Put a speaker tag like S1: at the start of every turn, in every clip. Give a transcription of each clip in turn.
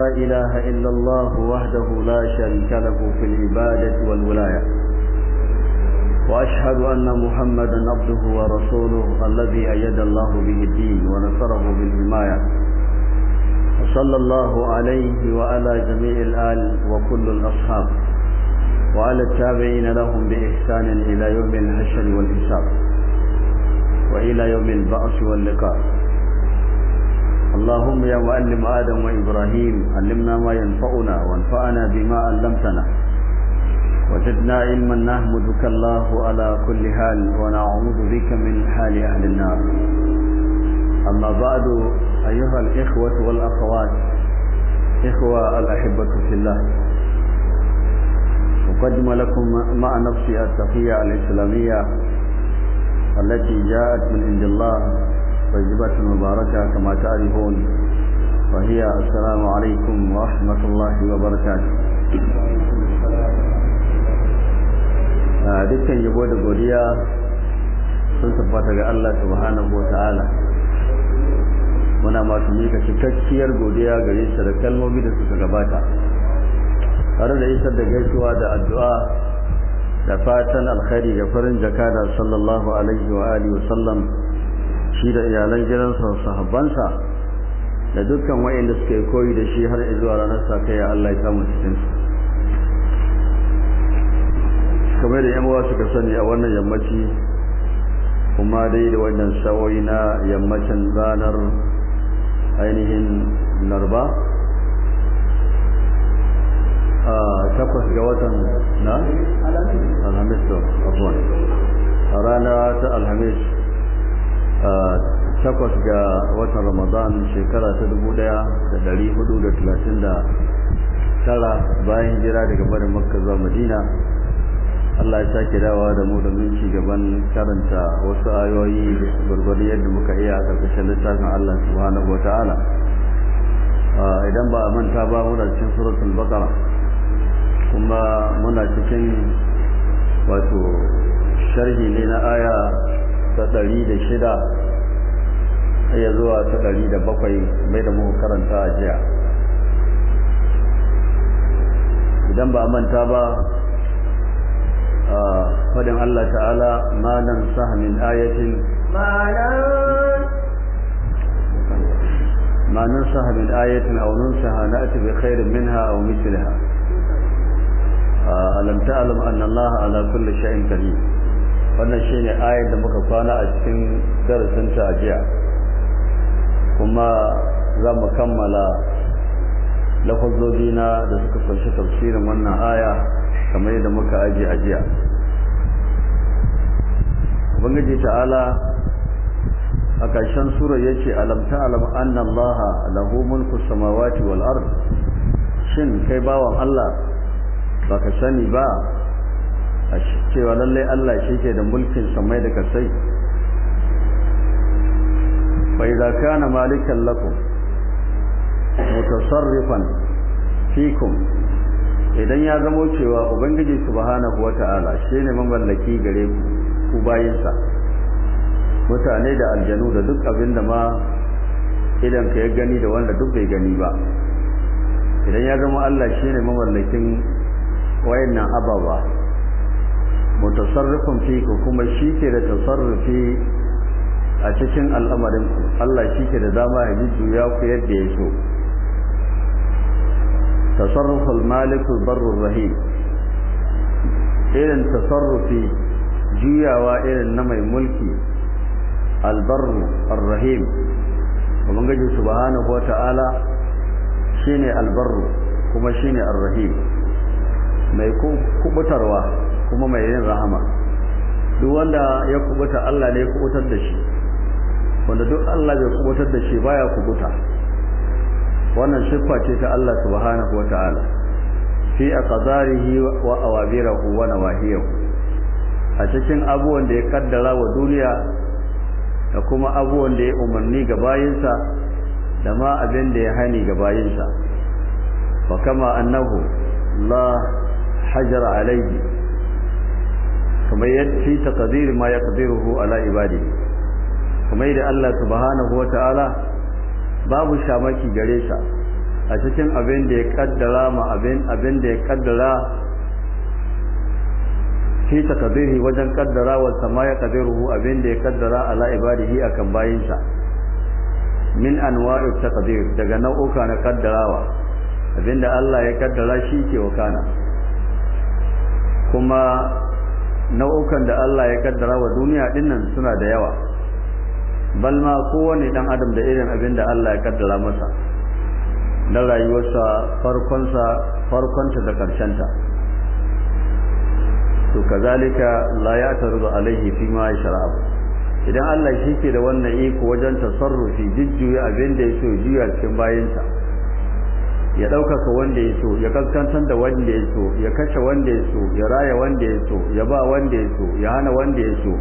S1: لا إله إلا الله وحده لا شريك له في العبادة والولاية وأشهد أن محمدا عبده ورسوله الذي أيد الله به الدين ونصره بالحماية وصلى الله عليه وعلى جميع الآل وكل الأصحاب وعلى التابعين لهم بإحسان إلى يوم الحشر والحساب وإلى يوم البعث واللقاء اللهم يا معلم آدم وإبراهيم علمنا ما ينفعنا وانفعنا بما علمتنا وزدنا علما نحمدك الله على كل حال ونعوذ بك من حال أهل النار أما بعد أيها الإخوة والأخوات إخوة الأحبة في الله أقدم لكم مع نفسي التقية الإسلامية التي جاءت من عند الله طيبة مباركة كما تعرفون وهي السلام عليكم ورحمة الله وبركاته yabo da godiya sun ga Allah muna masu mika cikakkiyar godiya gare shi da kalmomi da suka gabata tare da isar da gaisuwa da addu'a da fatan alkhairi ga farin jakada sallallahu alaihi wa alihi wa sallam shi da iyalan gidansa sahabbansa da dukkan wayanda suke koyi da shi har zuwa ranar ya Allah ya samu cikin su kamar da yan uwa suka sani a wannan yammaci kuma dai da wannan sa'o'i na yammacin ranar ainihin larba a takwas ga watan na alhamis da a rana ta alhamis takwas ga watan ramadan shekara ta dubu daya da dari hudu da talatin da tara bayan jira daga barin makka zuwa madina allah ya sake dawa da mu domin ci gaban karanta wasu ayoyi gwargwadon yadda muka iya karkashin littafin allah subhanahu wa ta'ala idan ba a manta ba muna cikin suratul baqara kuma muna cikin wato sharhi ne na aya ta ɗari da shida ya zuwa ta ɗari da bakwai mai da muka karanta a jiya idan ba manta ba a fadin Allah ta'ala ma nan sahamin ayatin ma nan sahamin ayatin aw nunsaha na'ti bi khairin minha aw mithlaha alam ta'lam anna Allah ala kulli sha'in qadir wannan shine ayar da muka kwana a cikin darasinta a jiya kuma za mu kammala na da suka kunshi tafsirin wannan aya kamar yadda muka aji a jiya ubangiji ta'ala a ƙarshen sura ya ce alam ta'alam anna Allah lahu mulku samawati wal ard shin kai bawan Allah baka sani ba a cewa lallai Allah shi ke da mulkin samai da kasai فإذا كان مالكا لكم متصرفا فيكم idan ya zamo cewa ubangiji subhanahu wata'ala shine mamallaki gare ku ku bayinsa mutane da aljanu da duk abin ma idan ka gani da wanda duk bai gani ba idan ya zama Allah shine mamallakin wayannan ababa mutasarrifun fiku kuma shi ke da tasarrufi a cikin al'amarin ku Allah shi ke da dama ya jujjuya ku yadda ya so tasarruful malikul barrur rahim irin tasarrufi juyawa irin na mai mulki albarru arrahim ubangiji subhanahu wata'ala shine albarru kuma shi shine rahim. mai kubutarwa kuma mai yin rahama duk wanda ya kubuta Allah ne ya kubutar da shi wanda duk Allah bai kubutar da shi baya kubuta wannan siffa ce ta Allah subhanahu wataala fi aqdarihi wa awabirahu wa nawahiyahu a cikin abubuwan da ya kaddara wa duniya da kuma abubuwan da ya umarni ga bayinsa da ma abin da ya hani ga bayinsa fa kama annahu la hajara alayhi kamar yadda fi taqdir ma yaqdiruhu ala ibadihi kamar da Allah subhanahu wata'ala babu shamaki gare sa a cikin abin da ya kaddara ma abin abin da ya kaddara ta kadiri wajen kaddara wa sama ya kadiruhu abin da ya kaddara ala ibadihi akan sa min anwa'i taqdir daga nau'uka na kaddarawa abinda Allah ya kaddara shi ke wakana kuma nau'ukan da Allah ya kaddara wa duniya dinnan suna da yawa balma kowane dan adam da irin abin da Allah ya kaddara masa na rayuwarsa farkonsa farkonta da karshenta to kazalika la tarzu alaihi fi ma yashra'u idan Allah shi ke da wannan iko wajen tasarrufi jujjuya abin da ya so juya cikin bayinsa ya ɗaukaka wanda ya so ya kaskantar da wanda ya so ya kashe wanda ya so ya raya wanda ya so ya ba wanda ya so ya hana wanda ya so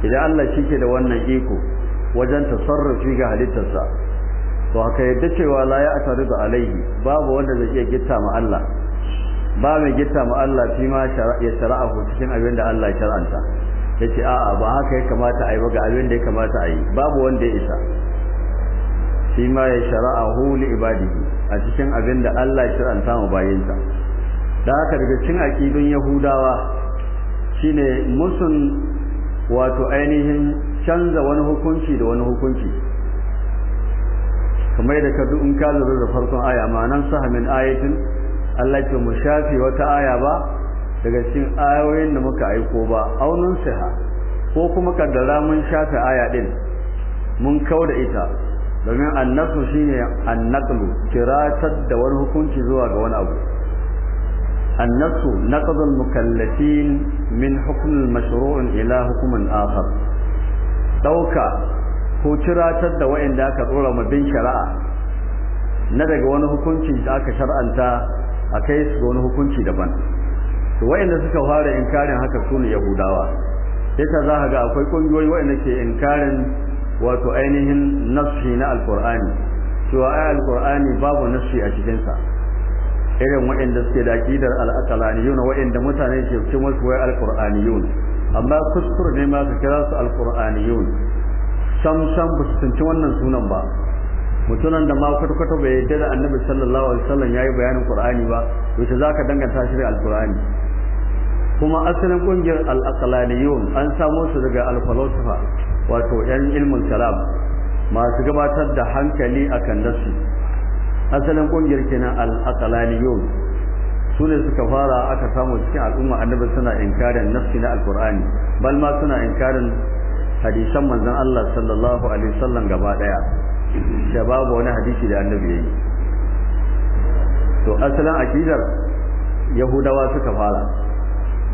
S1: idan Allah shi ke da wannan iko wajen tasarrufi ga halittarsa to haka yadda cewa la ya asaru da alaihi babu wanda zai iya gitta ma Allah ba mai gitta ma Allah shi ma ya ko cikin abin da Allah ya shar'anta yace a'a ba haka ya kamata a yi ba ga abin da ya kamata a yi babu wanda ya isa shi ma ya hu li ibadihi a cikin abin da Allah ya shar'anta ma bayinsa da haka daga cikin aqidun yahudawa shine musun wato ainihin canza wani hukunci da wani hukunci kamar da ka in ka lura da farkon aya ma'anan saha min ayatin Allah ke mu shafi wata aya ba daga cikin ayoyin da muka aiko ba aunun siha ko kuma kaddara mun shafe aya din mun kauda ita domin annasu shine annaqlu kiratar da wani hukunci zuwa ga wani abu annasu naqdul mukallafin min hukm mashru'in ila hukmin akhar Dauka ko ciratar da waanda aka tsora bin shari'a na daga wani hukunci da aka shar'anta a kai su ga wani hukunci daban to wa'anda suka fara inkarin haka su ne yahudawa yasa za ka ga akwai ƙungiyoyi wa'anda ke inkarin wato ainihin nafsi na alƙur'ani cewa ai alƙur'ani babu nafsi a cikinsa irin wa'anda suke da aƙidar al'aqalaniyun wa'anda mutane ke cewa su wai alƙur'aniyun amma kuskure ne ma ka kira su alqur'aniyun sam sam ba su tunci wannan sunan ba mutunan da ma kwata bai yadda da annabi sallallahu alaihi wasallam yayi bayanin qur'ani ba za zaka danganta shi da alqur'ani kuma asalin ƙungiyar al an samo su daga alfalosofa wato yan ilmin kalam masu gabatar da hankali akan nasu asalin ƙungiyar kenan al su ne suka fara aka samu cikin al'umma annabi suna inkarin nafsi na alqur'ani bal ma suna inkarin hadisan manzon Allah sallallahu alaihi wasallam gaba daya da babu wani hadisi da annabi yayi to asalan akidar yahudawa suka fara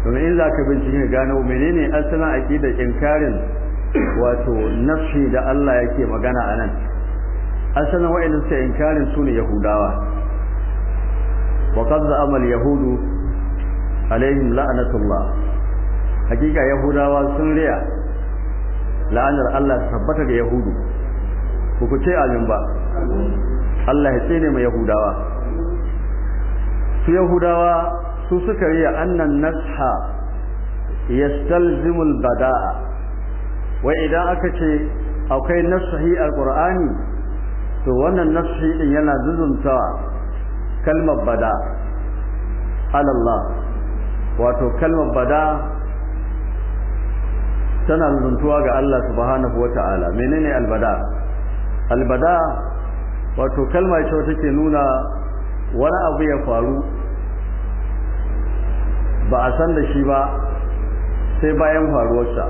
S1: domin in zaka bincike gano menene asalan akidar inkarin wato nafsi da Allah yake magana anan asalan wa'anda suka inkarin su ne yahudawa wa qad za'ama al-yahudu alaihim la'natullah hakika yahudawa sun riya la'anar Allah ta tabbata yahudu ku ku ce amin ba Allah ya tsine mai yahudawa su yahudawa su suka riya annan nasha yastalzimul bada'a wai idan aka ce akwai nasahi Alƙur'ani to wannan nasahi din yana zuzuntawa kalmar bada alallah wato kalmar bada tana zuntuwa ga Allah subhanahu wata'ala menene albada albada wato kalma ce wata ke nuna wani abu ya faru ba a san da shi ba sai bayan faruwarsa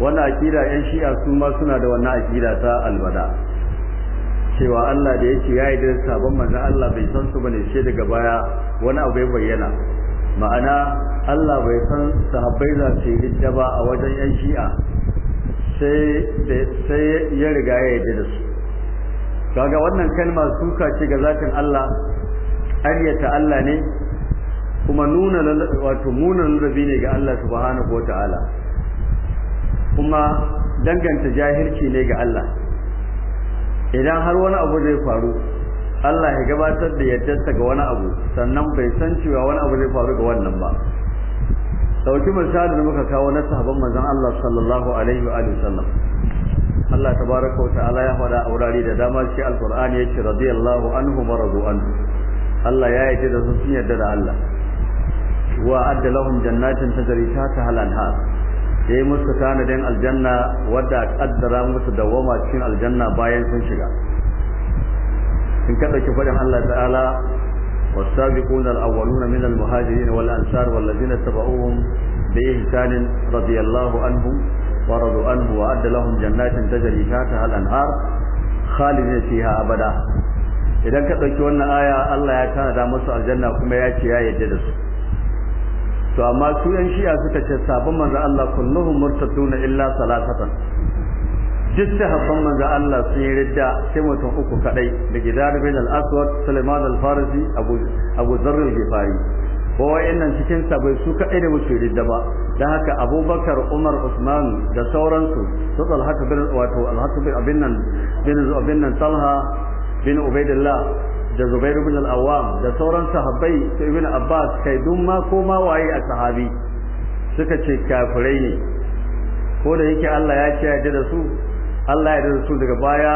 S1: wannan akida yan shi'a su ma suna da wannan akida ta albada cewa Allah da yake yayi da sabon manzo Allah bai san su bane shi daga baya wani abu ya bayyana ma'ana Allah bai san sahabbai za su yi ba a wajen yan shi'a sai sai ya riga ya yi da su kaga wannan kalma suka ce ga zatin Allah ta Allah ne kuma nuna wato nuna rabi ne ga Allah subhanahu wataala kuma danganta jahilci ne ga Allah idan har wani abu zai faru Allah ya gabatar da yardarsa ga wani abu sannan bai san cewa wani abu zai faru ga wannan ba dauki misali da muka kawo na sahabban manzon Allah sallallahu alaihi wa alihi sallam Allah tabaraka wa ta'ala ya faɗa a wurare da dama shi alqur'ani yace radiyallahu anhu wa radu anhu Allah ya yarda da sun yarda da Allah wa adda lahum jannatin tajri ta, al-anhar da ya musu tanadin aljanna wadda a kaddara musu dawwama cikin aljanna bayan sun shiga in ka dauki fadin Allah ta'ala والسابقون الأولون من المهاجرين والأنصار والذين اتبعوهم بإحسان رضي الله عنهم ورضوا عنه وأعد لهم جنات تجري تحتها الأنهار خالدين فيها أبدا idan ka ɗauki wannan aya Allah ya tana da musu aljanna kuma ya ce ya yadda da su to amma su yan shi'a suka ce sabon manzo Allah kulluhum murtaduna illa salasatan duk sahabban manzo Allah sun yi ridda sai mutum uku kadai da gidar bin al-aswad Sulaiman al-Farisi Abu Abu Dharr al-Ghifari ko wayannan cikin sabai su kadai da musu ridda ba dan haka Abubakar Umar Usman da sauransu su Talha bin wato Al-Hatib bin Abin nan bin Abin nan Talha bin Ubaidillah da Zubair ibn al-Awwam da sauran sahabbai su ibn Abbas kai duk ma ko waye a sahabi suka ce kafirai ne ko da yake Allah ya ce ya da su Allah ya da daga baya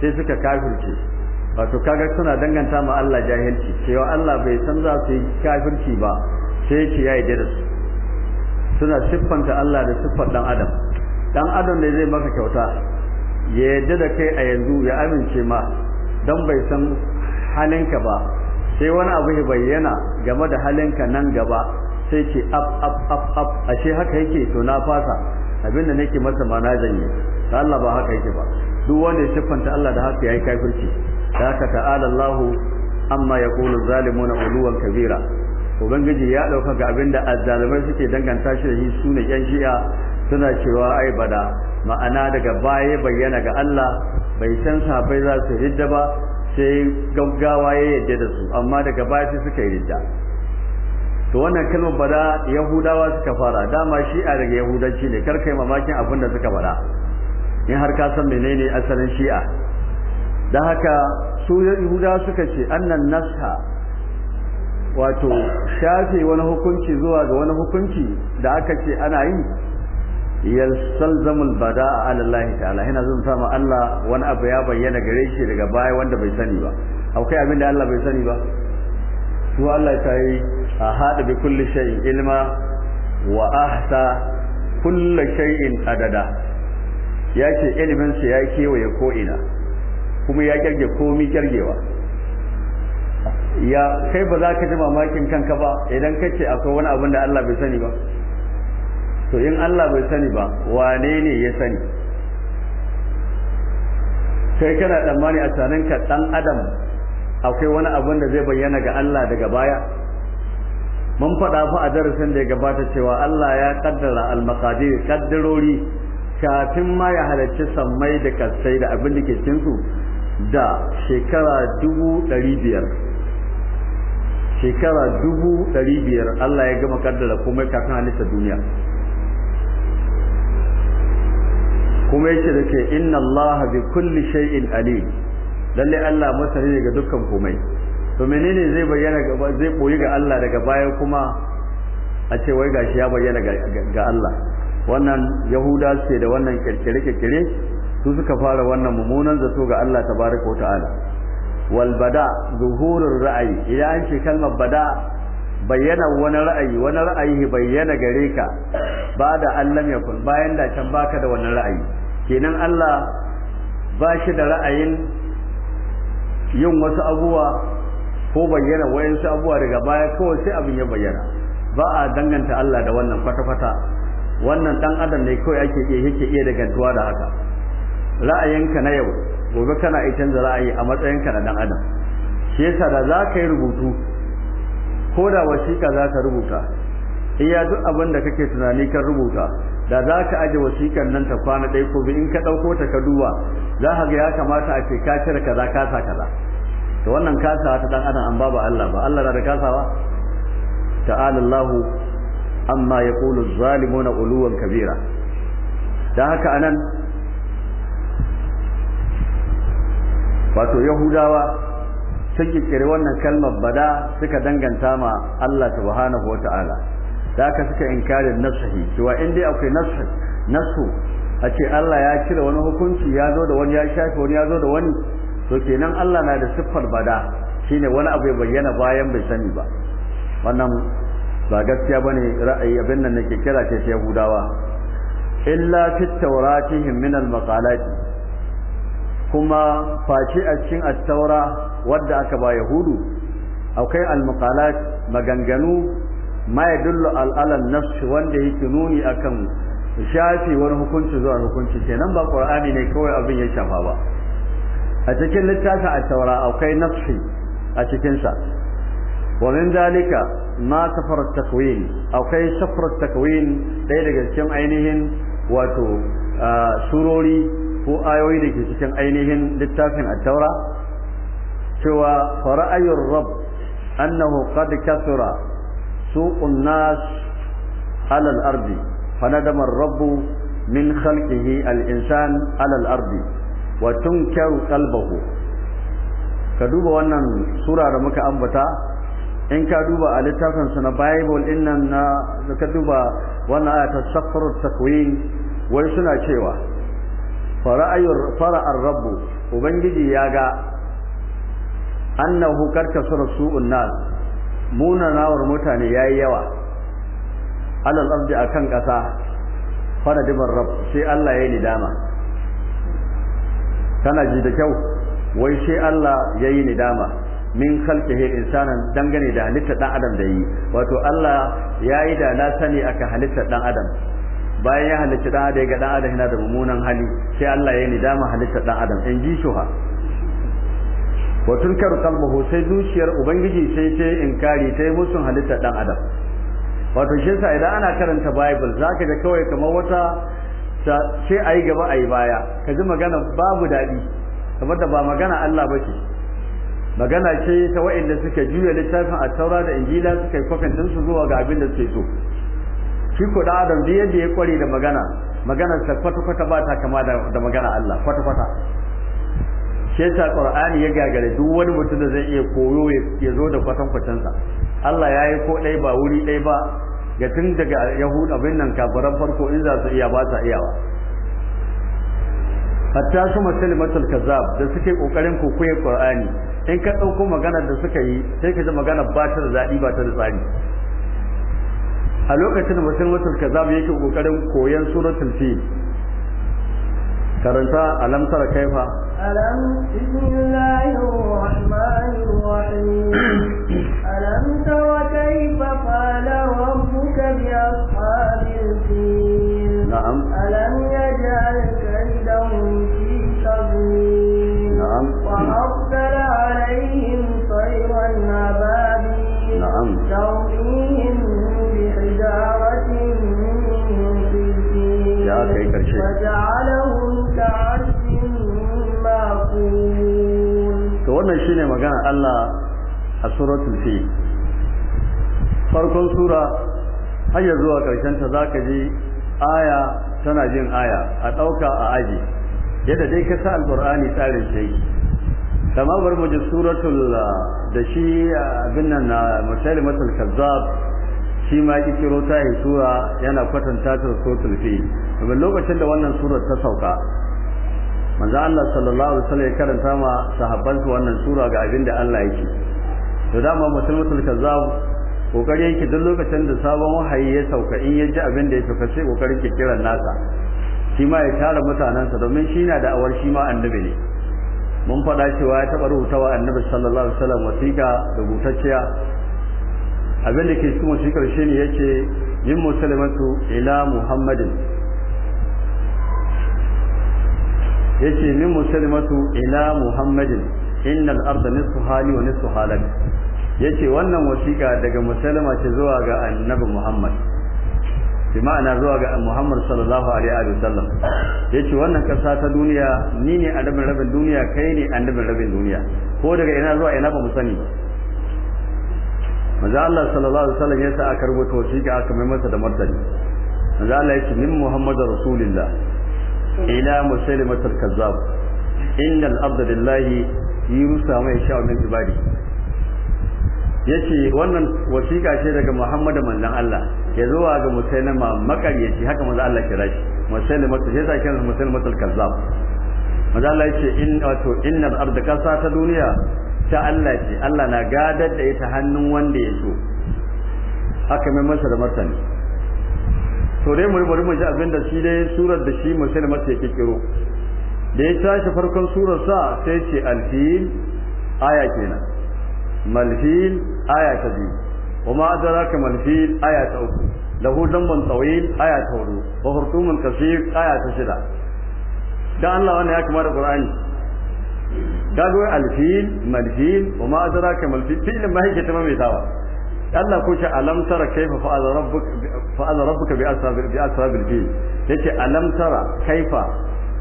S1: sai suka kafirce wato kaga suna danganta ma Allah jahilci cewa Allah bai san za su yi kafirci ba sai ce ya da su suna siffanta Allah da siffar dan adam dan adam ne zai maka kyauta ya yarda da kai a yanzu ya amince ma dan bai san halinka ba sai wani abu ya bayyana game da halinka nan gaba sai ce up up up up ashe haka yake to na fasa abin abinda nake masa ma na Allah ba haka yake ba duk wanda ya siffanta Allah da haka yayi kafirci da haka ta'ala Allah amma yaqulu zalimuna uluwan kabira ubangiji ya dauka ga abin da azzalimai suke danganta shi da shi sunan yan shi'a suna cewa ai bada ma'ana daga baya bayyana ga Allah bai san sahabbai za su hidda ba sai gaggawa ya yadda da su amma daga baya sai suka yi ridda to wannan kalmar bada yahudawa suka fara dama shi'a daga yahudanci ne kar mamakin abin da suka fara in har ka san menene asalin shi'a dan haka su yahudawa suka ce annan nasha wato shafe wani hukunci zuwa ga wani hukunci da aka ce ana yi yalsalzamul bada'a ala Allah ta'ala yana zan sama Allah wani abu ya bayyana gare shi daga baya wanda bai sani ba akwai abin da Allah bai sani ba su Allah ta yi a hada bi kulli shay'in ilma wa ahsa kulli shay'in adada ya ce ilimin sa ya kewaye ko ina kuma ya kirge komi kirgewa ya kai ba za ka ji mamakin kanka ba idan kace akwai wani abin da Allah bai sani ba to in Allah bai sani ba wane ne ya sani sai kana tsammani a tsananka dan adam akwai wani abin da zai bayyana ga Allah daga baya mun faɗa fa a darasin da ya gabata cewa Allah ya kaddara al-maqadir kaddarori kafin ma ya halarci sammai da kasai da abin da ke cikin su da shekara dubu ɗari biyar shekara dubu ɗari biyar Allah ya gama kaddara komai kafin halitta duniya kuma yace da ke inna allaha bi kulli shay'in alim lalle Allah masani ne ga dukkan komai to menene zai bayyana ga zai boye ga Allah daga baya kuma a ce wai gashi ya bayyana ga Allah wannan yahuda ce da wannan kirkire kirkire su suka fara wannan mummunan zato ga Allah tabaraka ta'ala wal bada zuhurur ra'ayi idan an ce kalmar bada bayyana wani ra'ayi wani ra'ayi bayyana gare ka ba da allam kun bayan da can baka da wani ra'ayi kenan Allah ba shi da ra'ayin yin wasu abubuwa ko bayyana wayansu abubuwa daga baya kawai sai abin ya bayyana ba a danganta Allah da wannan kwata-kwata wannan dan adam ne kawai ake iya yake iya dagantuwa da haka ra'ayinka na yau gobe kana iya canza ra'ayi a matsayinka na dan adam shi yasa da za ka yi rubutu ko da wasiƙa za ka rubuta iya duk abin da kake tunani kan rubuta da za ka aje wasikar nan ta kwana ɗaya ko biyu in ka ɗauko ta ka duba za ka ga ya kamata a ce ka cire kaza ka sa kaza to wannan kasawa ta dan adam an ba ba Allah ba Allah na da kasawa ta'ala Allahu amma yaqulu zalimuna uluwan kabira dan haka anan wato yahudawa sun kirkiri wannan kalmar bada suka danganta ma Allah subhanahu wataala da aka suka inkarin nasuhi cewa in dai akwai nasu nasu a ce Allah ya kira wani hukunci ya zo da wani ya shafe wani ya zo da wani to kenan Allah na da siffar bada shine wani abu ya bayyana bayan bai sani ba wannan ba gaskiya bane ra'ayi abin nan nake kira ce sai Yahudawa illa fi tawratihim min al maqalat kuma face a cikin attaura wadda aka ba yahudu akwai maqalat maganganu ma ya dullu al'alan nafsi wanda yake nuni akan shafi wani hukunci zuwa hukunci kenan ba qur'ani ne kawai abin ya shafa ba a cikin littafin a taura akwai nafsi a cikin sa wa min dalika ma safar takwin akwai safar takwin dai daga cikin ainihin wato surori ko ayoyi da ke cikin ainihin littafin at-taura cewa fara'ayur rabb annahu qad kathura سوء الناس على الأرض فندم الرب من خلقه الإنسان على الأرض وتنكر قلبه كدوب وانا سورة رمك أنبتا in ka duba a littafinsu na bible din nan ka duba wannan aya ta safaru wai suna cewa fara'ayur fara'ar rabbu ubangiji ya ga annahu karkasura su'un munanawar mutane yayi yawa alal ardi akan kasa fara dibar rab sai Allah yayi nidama kana ji da kyau wai sai Allah yayi nidama min khalqihi insanan dangane da halitta dan adam da yi wato Allah yayi da na sani aka halitta dan adam bayan ya halitta dan adam ga dan adam yana da mumunan hali sai Allah yayi nidama halitta dan adam in ji shuha wa tunkaru qalbuhu sai zuciyar ubangiji sai ta inkari ta yi musun halitta dan adam wato shi idan ana karanta bible zaka ga kawai kamar wata sai ayi gaba ayi baya ka ji magana babu dadi kamar da ba magana Allah bace magana ce ta wa'inda suka juya littafin a taura da injila suka yi kofin su zuwa ga abin da suke so shi ko da adam da yadda ya kware da magana magana sa kwata kwata ba ta kama da magana Allah kwata kwata shi yasa qur'ani ya gagare duk wani mutum da zai iya koyo ya zo da kwatan sa Allah ya yi ko ɗaya ba wuri ɗaya ba ga tun daga yahud abin nan kafaran farko in za su iya ba sa iyawa hatta su muslimatul kazzab da suke kokarin kokoye qur'ani in ka dauko maganar da suka yi sai ka ji magana ba ta da dadi ba ta da tsari a lokacin da kaza kazzab yake kokarin koyan suratul fil karanta alam tara kaifa
S2: ألم بسم الله الرحمن الرحيم ألم تر كيف فعل ربك بأصحاب الفيل نعم ألم يجعل كيدهم في تضليل نعم وأرسل عليهم طيرا أبابيل نعم ترميهم بحجارة من سجيل وجعلهم
S1: wannan shi ne magana Allah a sura fi farkon sura har zuwa karshen ta ka ji aya tana jin aya a ɗauka a aji yadda dai ka sa Alƙur'ani tsarin shi kama bar mu suratul da shi abin nan na musalimatul kazzab shi ma yake kiro ta sura yana kwatanta ta suratul fi lokacin da wannan surar ta sauka manzo Allah sallallahu alaihi wasallam ya karanta ma sahabban wannan sura ga abin da Allah yake to dama musulmatul kazzab kokari yake duk lokacin da sabon wahayi ya sauka in ya ji abin da ya sauka sai kokarin ke kiran nasa shi ma ya tara mutanansa domin shi na da awar shi ma annabi ne mun faɗa cewa ya taɓa rubutawa annabi sallallahu alaihi wasallam wasiƙa gutacciya abin da ke cikin wasiƙar shi ne yake yin musulmatu ila muhammadin yake min musulmatu ila muhammadin innal arda nisfu hali wa nisfu halak yace wannan wasiƙa daga musalma ce zuwa ga annabi muhammad bi ma'ana zuwa ga muhammad sallallahu alaihi wa sallam yace wannan kasa ta duniya ni ne annabin rabin duniya kai ne annabin rabin duniya ko daga ina zuwa ina ba mu sani manzo Allah sallallahu alaihi sallam yasa aka rubuta wasiƙa aka mai masa da martani manzo Allah yace min muhammadar rasulillah إلى مسلمة الكذاب إن الأرض لله yusa ما يشاء من ibadi yace wannan wasiƙa ce daga muhammad manzon Allah ke zuwa ga musailima makaryaci haka manzon Allah kira shi musailimatu sai zakin kira musailimatul kazzab manzon Allah yace in wato innal arda kasa ta duniya ta Allah ce Allah na gadar da ita hannun wanda ya so haka mai masa da martani to dai muri bari mu ji abin da shi dai surar da shi musulma ce yake kiro da ya tashi farkon surar sa sai ce alfil aya kenan malfil aya ta biyu wa ma adraka malfil aya ta uku lahu damban tawil aya ta hudu wa hurtumun kasir aya ta shida dan Allah wannan ya kamar da Qur'ani kaga alfil malfil wa ma adraka malfil fi'lin ma yake tamamitawa Allah ko ce alam tara kaifa fa'ala rabbuk fa'ala rabbuka bi ashabil bi ashabil fil yace alam tara kaifa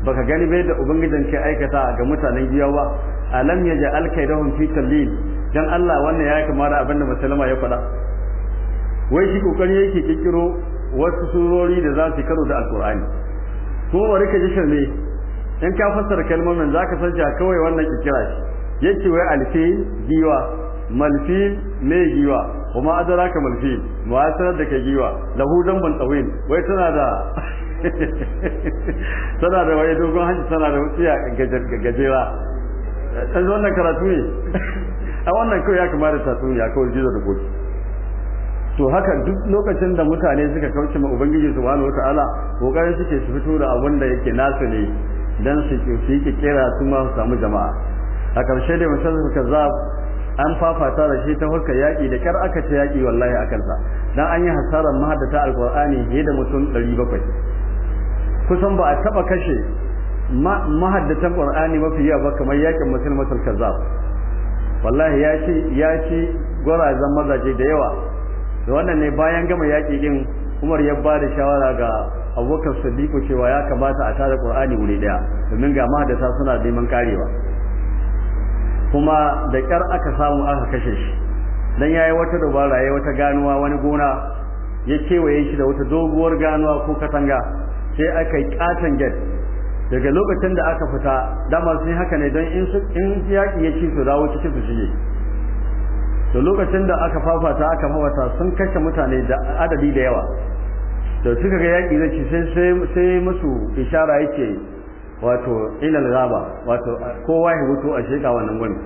S1: baka gani bai da ubangijin ke aikata ga mutanen giya ba alam yaj'al kaidahum fi talil dan Allah wannan ya kamar abinda musulma ya faɗa wai shi kokari yake kikiro wasu surori da za su karo da alqur'ani ko bari ka ji shirme in ka fassara kalmomin zaka san cewa kawai wannan kikira shi yace wai alfi giwa Malfi mai giwa wa ma adraka mal fil ma da ke giwa lahu ban tawil wai tana da tana da wai dogon hanci tana da wutsiya gajera dan wannan karatu ne a wannan kawai ya kamata ta tsuniya kawai jizo da goji to haka duk lokacin da mutane suka kauce ma ubangiji subhanahu wataala kokarin suke su fito da abin da yake nasu ne dan su su yi kira su ma su samu jama'a a karshe da misalin kazzab an fafata da shi ta hurka yaƙi da kyar aka ce yaƙi wallahi a kansa dan an yi hasaran mahaddata alqur'ani fiye da mutum 700 kusan ba a taba kashe mahaddatan qur'ani mafi yawa ba kamar yaƙin musulmatul kazzab wallahi ya ci ya zan mazaje da yawa da wannan ne bayan gama yaƙi din Umar ya bada shawara ga Abubakar Siddiq cewa ya kamata a tare Qur'ani wuri daya domin ga mahaddata suna neman karewa kuma da kyar aka samu aka kashe shi dan yayi wata dubara yayi wata ganuwa wani gona ya kewaye shi da wata doguwar ganuwa ko katanga sai aka yi katan gate daga lokacin da aka fita damar sun haka ne dan in yaƙi ya ci su dawo cikin su shige da lokacin da aka fafata aka fafata sun kashe mutane da adadi da yawa da suka ga yaƙi zai ci sai sai musu isharar yake wato ilal gaba wato kowa ya mutu a sheka wannan gurin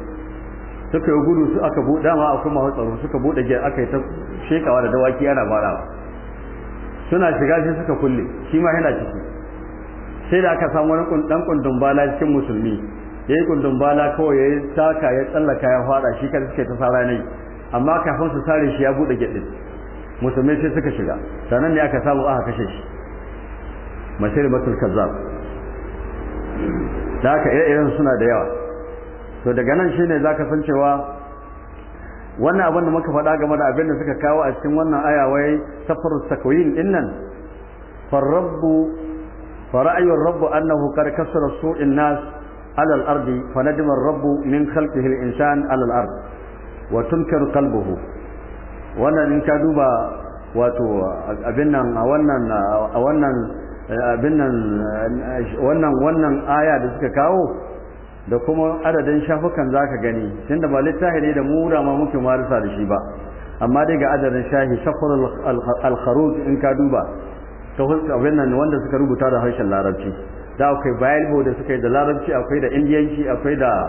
S1: suka yi gudu su aka buɗa dama a kuma tsaro suka buɗe gidan aka yi ta shekawa da dawaki ana barawa suna shiga shi suka kulle shi ma yana ciki sai da aka samu wani ɗan kundun bala cikin musulmi ya yi kundin bala kawai ya yi taka ya tsallaka ya fara shi kan suke ta sara ne amma kafin su sare shi ya buɗe gidan musulmi sai suka shiga sannan ne aka samu aka kashe shi mashirin batul kazzab da haka ire-iren suna da yawa to daga nan shine zaka san cewa wannan abin da muka faɗa game da abin da suka kawo a cikin wannan aya wai safaru sakwayin din nan farrabbu fara'ayur rabbu annahu qad kasara su'in nas alal ardi ard fa nadima rabbu min khalqihi al-insan alal al-ard wa tunkaru qalbuhu wannan in ka duba wato abin nan a wannan a wannan abin nan wannan wannan aya da suka kawo da kuma adadin shafukan zaka gani tunda ba littafi ne da mu da ma muke marisa da shi ba amma dai ga adadin shahi shafar al-kharuj in ka duba to hulka abin nan wanda suka rubuta da harshen larabci da akwai bible da suka yi da larabci akwai da indiyanci akwai da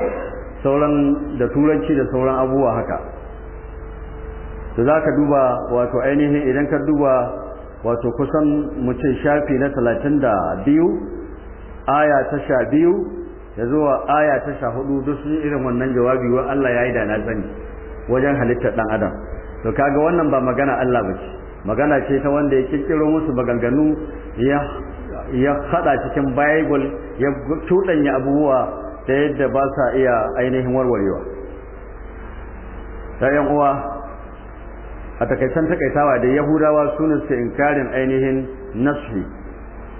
S1: sauran da turanci da sauran abubuwa haka to zaka duba wato ainihin idan ka duba wato kusan mu ce shafi na talatin da biyu aya ta sha biyu ya zuwa aya ta sha hudu duk sun irin wannan jawabi wa Allah ya yi da na sani wajen halittar ɗan adam to kaga wannan ba magana Allah ba ce magana ce ta wanda ya kirkiro musu maganganu ya ya haɗa cikin bible ya cuɗanya abubuwa ta yadda ba sa iya ainihin warwarewa ta yan uwa a takaitan takaitawa da yahudawa su ne suke inkarin ainihin nashi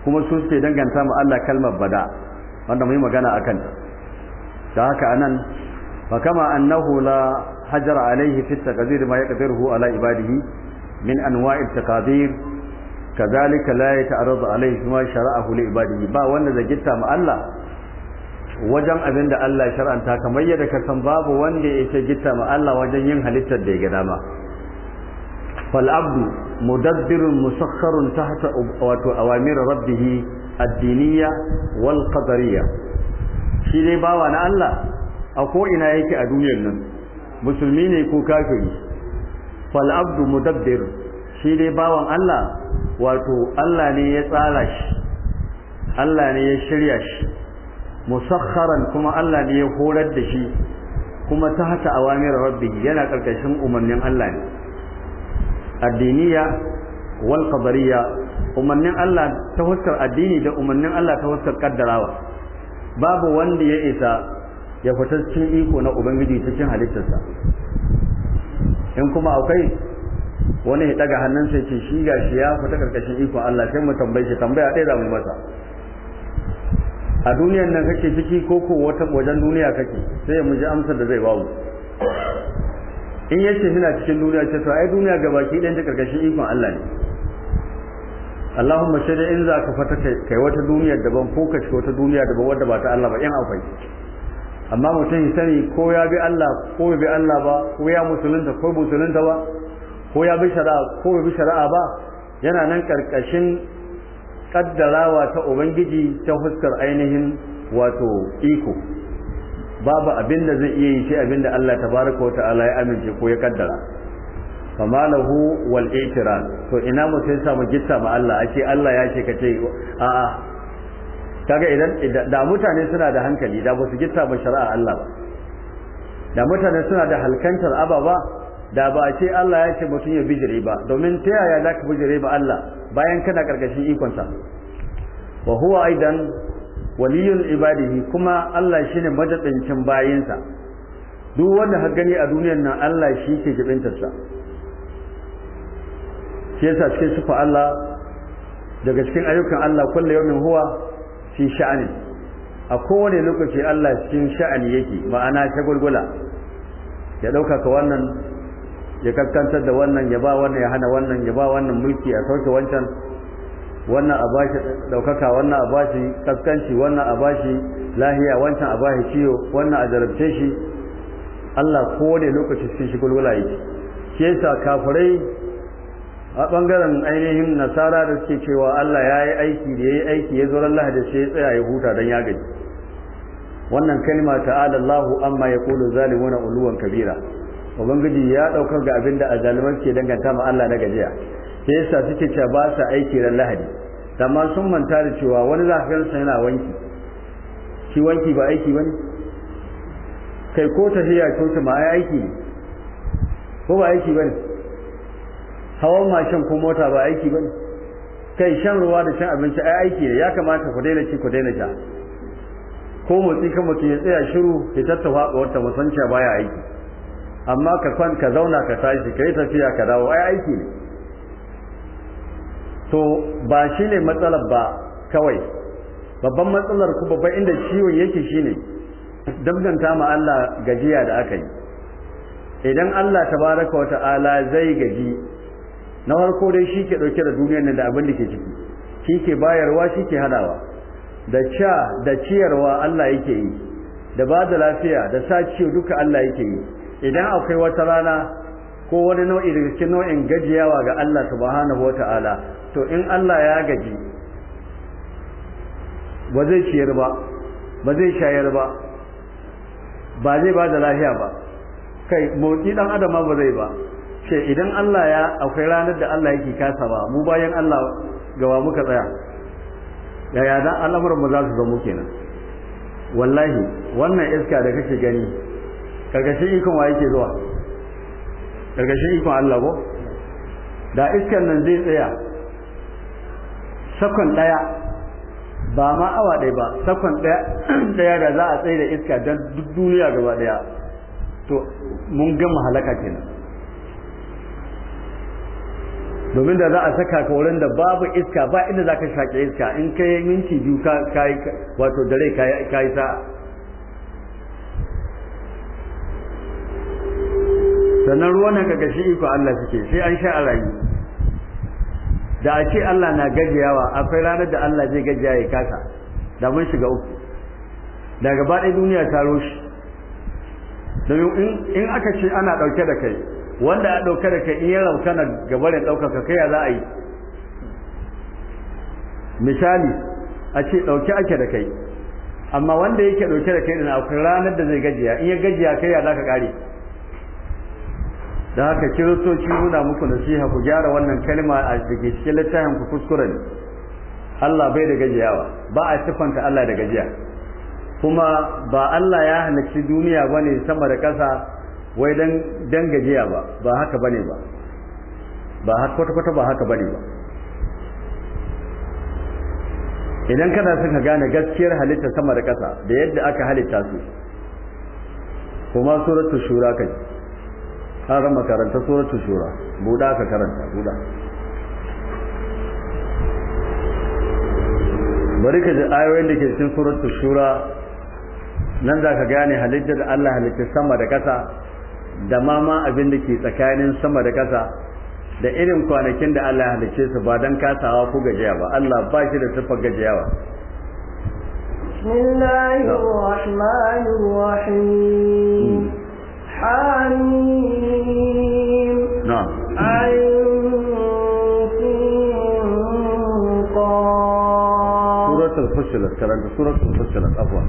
S1: kuma su suke danganta mu Allah kalmar bada wanda muyi magana akan da haka anan fa kama annahu la hajara alaihi fi taqdir ma yaqdiruhu ala ibadihi min anwa'il taqdir kazalika la yata'arradu alaihi ma shara'ahu li ibadihi ba wanda zagitta mu Allah wajen abin da Allah shar'anta kamar yadda ka san babu wanda yake gitta ma Allah wajen yin halittar da ya gada ma. فالعبد مدبر مسخر تحت أوامر ربه الدينية والقدرية شيء باوا أن الله أكو إنا يكي أدوني musulmi ne ko kafiri fal abdu mudabbir shi dai bawan Allah wato Allah ne ya tsara shi Allah ne ya shirya shi musakharan kuma Allah ne ya horar da shi kuma ta hata awamir rabbi yana karkashin umarnin Allah ne addiniya wal qadariya umarnin Allah ta addini da umarnin Allah ta huskar kaddarawa babu wanda ya isa ya fita cikin iko na ubangiji cikin halittarsa in kuma akwai wani ya daga hannunsa ce shi ga shi ya fita karkashin iko Allah sai mu tambaye shi tambaya ɗaya za mu masa a duniyar nan kake ciki ko ko wata wajen duniya kake sai mu ji amsar da zai bawo in ce muna cikin duniya ce to ai duniya ga baki ta karkashin ikon Allah ne Allahumma shada in za ka fata kai wata duniya daban ko ka shiga wata duniya daban wadda ba ta Allah ba in akwai amma mutum ya sani ko ya bi Allah ko bi Allah ba ko ya musulunta ko musulunta ba ko ya bi shari'a ko bi shari'a ba yana nan karkashin kaddarawa ta ubangiji ta fuskar ainihin wato iko babu abin da zai iya yi sai abin da Allah tabaraka ta'ala ya amince ko ya kaddara fama lahu wal itira to ina mu sai samu gitta ma Allah ake Allah ya ce kace a a kaga idan da mutane suna da hankali da ba su gitta ba shari'a Allah ba da mutane suna da halkantar ababa da ba ce Allah ya ce mutum ya bijire ba domin ta yaya za ka bijire ba Allah bayan kana karkashin ikonsa wa huwa aidan waliyul ibadihi kuma Allah shine madadincin bayinsa duk wanda ka gani a duniyar nan Allah shi ke jibintarsa shi yasa cikin sufa Allah daga cikin ayyukan Allah kullu yawmin huwa fi sha'ani a kowane lokaci Allah cikin sha'ani yake ma'ana gulgula ya ka wannan ya kakkantar da wannan ya ba wannan ya hana wannan ya ba wannan mulki a sauke wancan wannan a bashi daukaka wannan a bashi kaskanci wannan a bashi lahiya wancan a bashi ciwo wannan a jarabce shi Allah ko ne lokaci cikin shi gulgula yake shi yasa kafirai a bangaren ainihin nasara da suke cewa Allah ya yi aiki da ya yi aiki ya zo ran lahadi sai ya tsaya ya huta don ya gaji wannan kalma ta'ala Allahu amma Ya yaqulu zalimuna uluwan kabira ubangiji ya daukar ga abin da azalimai ke danganta ma Allah na gajiya sai yasa suke cewa ba sa aiki ran lahadi amma sun manta da cewa wani za sa yana wanki shi wanki ba aiki bane kai ko tafiya ko ta ma aiki ne ko ba aiki bane hawan mashin ko mota ba aiki bane kai shan ruwa da shan abinci ai aiki ne ya kamata ku daina ci ku daina sha ko motsi kan mutum ya tsaya shiru ya tattafa wata musanci baya aiki amma ka kwan ka zauna ka tashi kai tafiya ka dawo ai aiki ne to ba shi ne matsalar ba kawai babban matsalar ku babban inda ciwon yake shi shine danganta ma Allah gajiya da aka yi idan Allah ta baraka wa ta'ala zai gaji na farko dai shi ke ɗauke da duniyar nan da abin da ke ciki shi ke bayarwa shi ke hadawa da ca da ciyarwa Allah yake yi da ba da lafiya da sa ciwo duka Allah yake yi idan akwai wata rana ko wani nau'i daga cikin nau'in gajiyawa ga Allah subhanahu wata'ala to in Allah ya gaji ba zai ciyar ba ba zai shayar ba ba zai ba da lafiya ba kai motsi dan adam ba zai ba ce idan Allah ya akwai ranar da Allah yake kasa ba mu bayan Allah gawa muka tsaya yaya dan al'amuran mu za su zamo kenan wallahi wannan iska da kake gani shi ikon wa yake zuwa gargashin ikon Allah ko da iskan nan zai tsaya sakon daya ba ma awa ɗaya ba sakon daya daya da za a tsaye da iska don duk duniya gaba daya to mun gama halaka kenan domin da za a saka ka wurin da babu iska ba inda za ka shaƙe iska in ka yi minti biyu ka yi wato dare ka yi sa'a sannan ruwan ka gashi shi iko Allah suke sai an sha a rayu da a ce Allah na gajiyawa akwai ranar da Allah zai gajiya ya kasa da mun shiga uku da gaba ɗaya duniya ta roshi domin in aka ce ana ɗauke da kai wanda ya ɗauke da kai in ya raukana gabarin ɗaukaka kai ya za a yi misali a ce ɗauke ake da kai amma wanda yake ɗauke da kai ɗin akwai ranar da zai gajiya in ya gajiya kai ya za ka ƙare da haka kiristoci nuna muku nasiha ku gyara wannan kalma a daga cikin littafin ku kuskure ne Allah bai da gajiyawa ba a sifanta Allah da gajiya kuma ba Allah ya halicci duniya bane sama da ƙasa wai dan dan gajiya ba ba haka bane ba ba haka kwata kwata ba haka bane ba idan kana son ka gane gaskiyar halitta sama da ƙasa da yadda aka halitta su kuma suratul shura kai an makaranta karanta suratul shura buda ka karanta buda bari ka ji ayoyin da ke cikin suratul shura nan za ka gane halittar Allah halittar sama da ƙasa da ma ma abin da ke tsakanin sama da ƙasa da irin kwanakin da Allah halicce su ba don kasawa ko gajiya ba Allah ba shi da siffar gajiyawa
S2: بسم الله الرحمن الرحيم حميم نعم سورة
S1: الفشلت كلام سورة الفشلت أفضل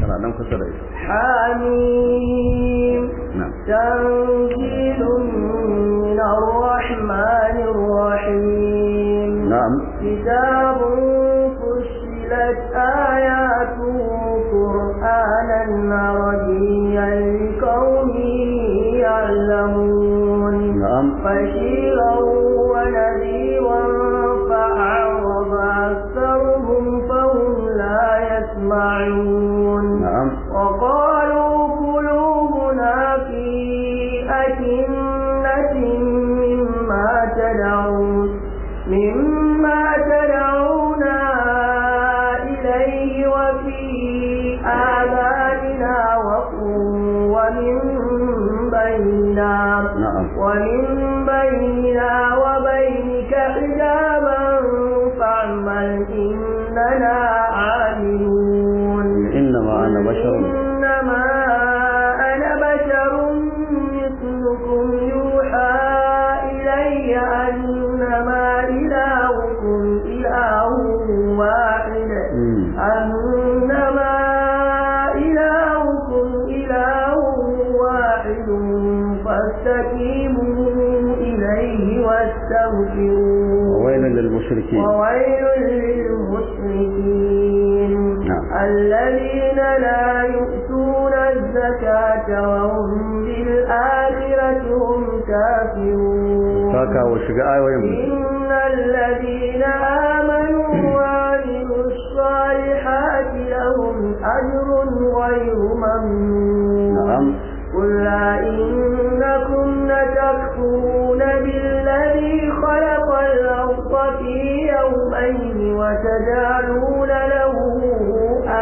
S1: ترى لم كسر
S2: حميم إيه. نعم تنزيل من الرحمن الرحيم نعم كتاب فشلت آياته قرآنا رجيم هديا يعلمون نعم فشير للمشركين وويل للمشركين نعم. الذين لا يؤتون الزكاة وهم بالآخرة هم كافرون إن الذين آمنوا وعملوا الصالحات لهم أجر غير ممنون نعم. قل إنكم لتكفرون في يومين وتجعلون له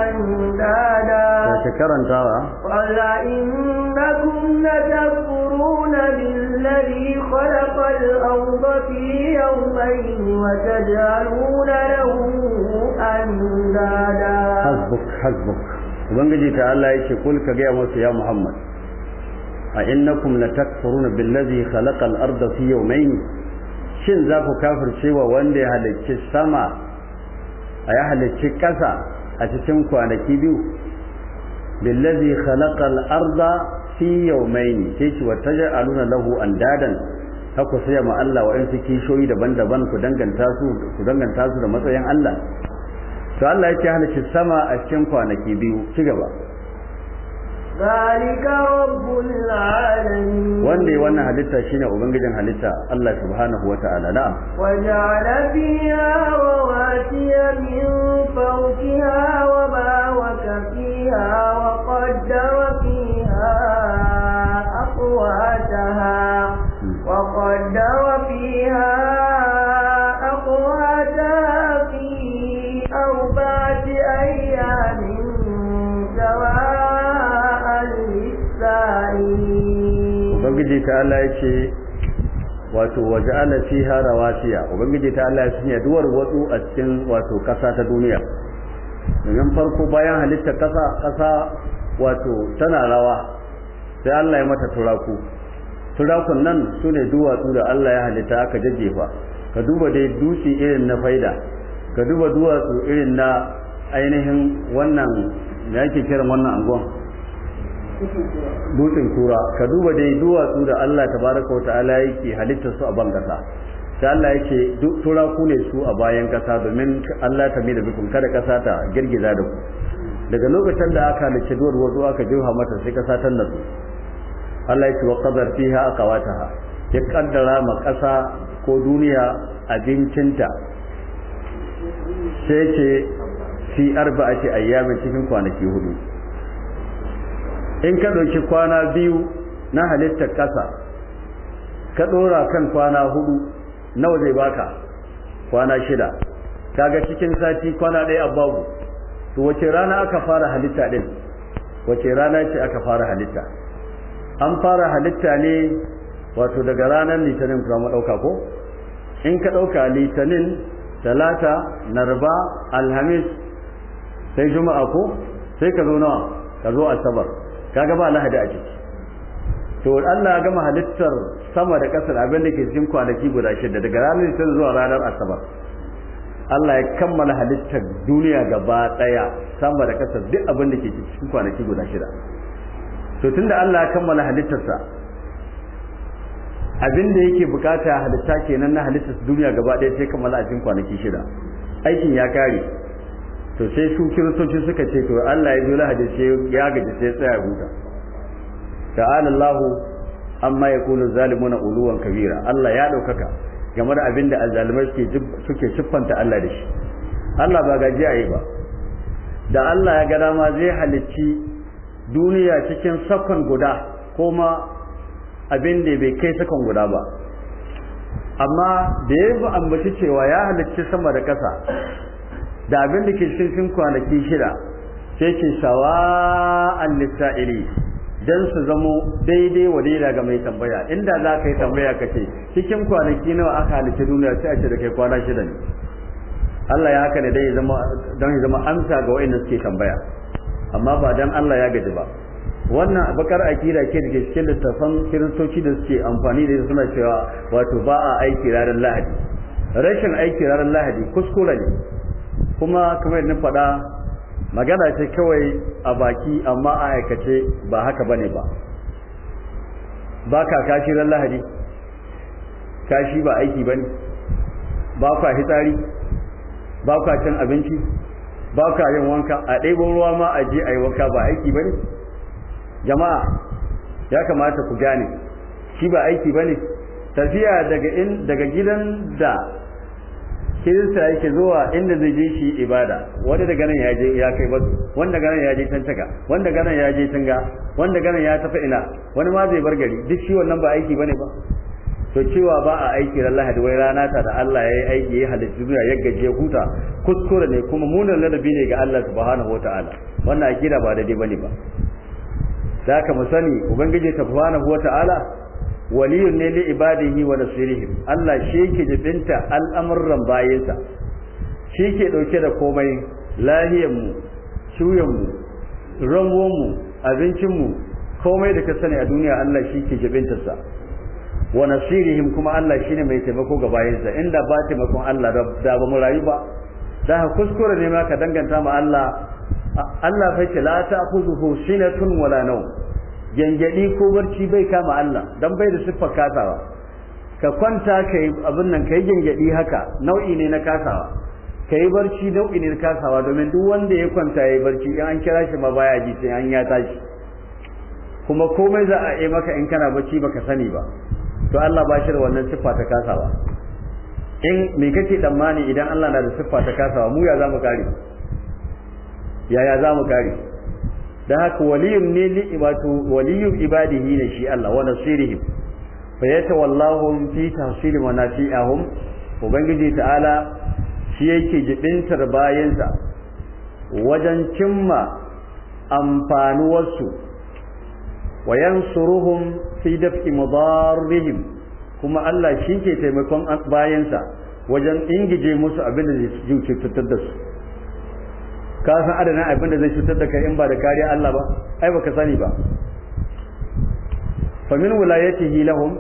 S2: أندادا شكرا ترى قال إنكم لتكفرون بالذي خلق الأرض في يومين وتجعلون له أندادا حسبك
S1: حسبك ubangiji ta Allah ya ce kul ka gaya musu ya Muhammad a innakum latakfuruna billazi khalaqa al-arda fi yawmayn shin za ku kafirce wa wanda ya halicci sama a ya halicci ƙasa a cikin kwanaki biyu billazi khalaqal arda fi yawmayn sai ki wa taj'aluna lahu andadan ku sai ma Allah wa in su kishoyi daban-daban ku danganta su ku danganta su da matsayin Allah to Allah yake halicci sama a cikin kwanaki biyu ci gaba wanda ya wannan halitta shi ne ubangijin halitta Allah subhanahu wa ta'ala na'am
S2: wa ja'ala yamin rawasiya hawa ba, wa bawaka fiha wa ta fiha aqwataha wa fi
S1: ubangiji ta Allah ya ce wato waja'ala fiha rawasiya ubangiji ta Allah ya sanya duwar watsu a cikin wato kasa ta duniya domin farko bayan halitta kasa kasa wato tana rawa sai Allah ya mata turaku turakun nan sune duwatsu da Allah ya halitta aka jajjefa ka duba dai dutse irin na faida ka duba duwatsu irin na ainihin wannan ya kiran wannan angon dutsen kura ka duba dai duwatsu da Allah ta tabaraka ta'ala yake halitta su a bangasa kasa sai Allah yake tura ku ne su a bayan kasa domin Allah ta mai da bikun kada kasa ta girgiza da ku daga lokacin da aka halicci duwar wazo aka jirha mata sai kasa ta nazo Allah yake wa qadar fiha aqwataha ya kaddara ma kasa ko duniya abincinta sai ce fi arba'ati ayyamin cikin kwanaki hudu in ka ɗauki kwana biyu na halittar ƙasa ka ɗora kan kwana hudu nawa zai baka kwana shida kaga cikin sati kwana ɗaya a babu to wace rana aka fara halitta ɗin wace rana ce aka fara halitta an fara halitta ne wato daga ranar litinin kuma mu ɗauka ko in ka ɗauka litinin talata narba alhamis sai juma'a ko sai ka zo nawa ka zo asabar kaga ba lahadi a ciki to Allah ya gama halittar sama da ƙasar abin da ke cikin kwanaki guda shida daga ranar sai zuwa ranar asabar Allah ya kammala halittar duniya gaba ɗaya sama da kasar duk abin da ke cikin kwanaki guda shida to tunda Allah ya kammala halittarsa abin da yake bukata halitta kenan na halittar duniya gaba ɗaya sai kammala a cikin kwanaki shida aikin ya kare to sai su kiristoci suka ce to Allah ya biyo lahadi sai ya gaji sai tsaya huta ta'ala Allah amma kunu zalimuna uluwan kabira Allah ya daukaka game da abinda da suke suke siffanta Allah da shi Allah ba gaji ayi ba da Allah ya ga dama zai halicci duniya cikin sakon guda ko ma abin da bai kai sakon guda ba amma da ya ambaci cewa ya halicci sama da ƙasa da abin da ke cikin kwanaki shida sai ce sawa'an lisa'ili dan su zamo daidai wa daida ga mai tambaya inda za ka yi tambaya ka ce cikin kwanaki nawa aka halitta duniya sai a ce da kai kwana shida ne Allah ya haka ne don ya zama amsa ga wa'inda suke tambaya amma ba dan Allah ya gaji ba wannan bakar akida ke da cikin littafan kiristoci da suke amfani da suna cewa wato ba a aiki ranar lahadi rashin aiki ranar lahadi kuskure ne kuma kamar na faɗa magana ce kawai a baki amma a aikace ba haka bane ba ba ka kashi ran lahadi kashi ba aiki bane ba ka hitsari ba ka cin abinci ba ka yin wanka a ɗaibon ruwa ma a je a yi wanka ba aiki bane jama'a ya kamata ku gane shi ba aiki bane tafiya daga in daga gidan da kirista yake zuwa inda zai je shi ibada wanda daga nan ya je ya kai basu wanda daga nan ya je tantaka wanda daga nan ya je ga wanda daga nan ya tafi ina wani ma zai bar gari duk shi wannan ba aiki bane ba to cewa ba a aiki ran lahadi wai rana ta da Allah ya yi aiki ya halitta duniya ya gaje huta kuskure ne kuma munar ladabi ne ga Allah subhanahu wataala wannan akida ba daidai bane ba da ka mu sani ubangiji subhanahu wataala waliyun ne li ibadihi wa nasirihim Allah shi ke jibinta al'amuran bayansa shi ke dauke da komai lahiyar mu suyan mu rangon mu abincin mu komai da ka sani a duniya Allah shi ke jibinta sa wa nasirihim kuma Allah shine mai taimako ga bayansa inda ba taimakon Allah da ba mu rayu ba da kuskure ne ma ka danganta ma Allah Allah fa ce la ta'khudhuhu sinatun wala nawm gyangyaɗi ko barci bai kama Allah dan bai da siffar kasawa ka kwanta kai abin nan kai gyangyaɗi haka nau'i ne na kasawa kai barci nau'i ne na kasawa domin duk wanda ya kwanta yayi barci in an kira shi ma baya ji sai an ya tashi kuma komai za a yi maka in kana barci baka sani ba to Allah ba shi da wannan siffa ta kasawa in me kake tsammani idan Allah na da siffa ta kasawa mu ya mu kare yaya mu kare da haka waliyun ne ni ibatu waliyun ibadihi ne shi Allah wa nasirihim fa yatawallahum fi tahsil manafi'ahum ubangiji ta'ala shi yake jibintar bayansa wajen cimma amfanuwarsu wa yansuruhum fi daf'i madarrihim kuma Allah shi ke taimakon bayansa wajen ingije musu abin da zai cututtar da su ka san adana abin da zai cutar da kai in ba da kariya Allah ba ai baka sani ba fa min wilayatihi lahum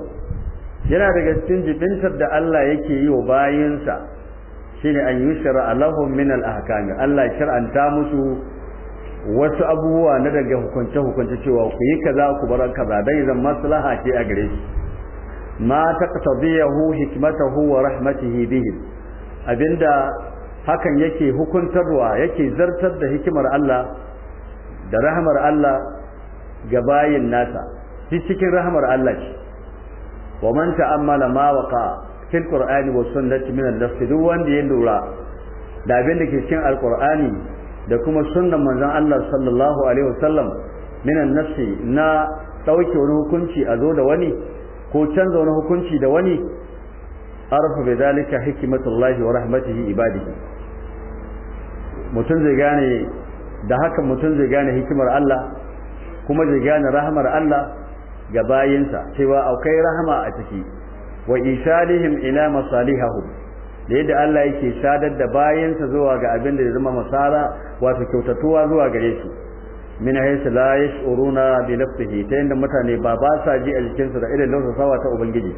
S1: yana daga cikin jibintar da Allah yake yi wa bayinsa shine an yushra lahum min al ahkam Allah shar'anta musu wasu abubuwa na daga hukunce hukunce cewa ku yi kaza ku bar kaza dai zan maslaha ce a gare shi ma taqtadiyahu hikmatahu wa rahmatihi bihim abinda hakan yake hukuntarwa yake zartar da hikimar Allah da rahamar Allah ga bayin nasa shi cikin rahmar Allah ce wa man ta'ammala ma waqa fil qur'ani wa sunnati min al-lafz duk wanda ya lura da abin da ke cikin alqur'ani da kuma sunnan manzon Allah sallallahu alaihi wasallam min an-nafsi na dauke wani hukunci a zo da wani ko canza wani hukunci da wani arfu bai zalika hikmatullahi wa rahmatihi ibadihi mutum zai gane da haka mutum zai gane hikimar Allah kuma zai gane rahmar Allah ga bayinsa cewa akwai rahama a ciki wa ina ila masalihahum da yadda Allah yake sadar da bayinsa zuwa ga abin da ya zama masara wato kyautatuwa zuwa gare su min haythu la yash'uruna bi nafsihi ta yadda mutane ba ba sa ji a jikinsa da irin lausasawa ta ubangiji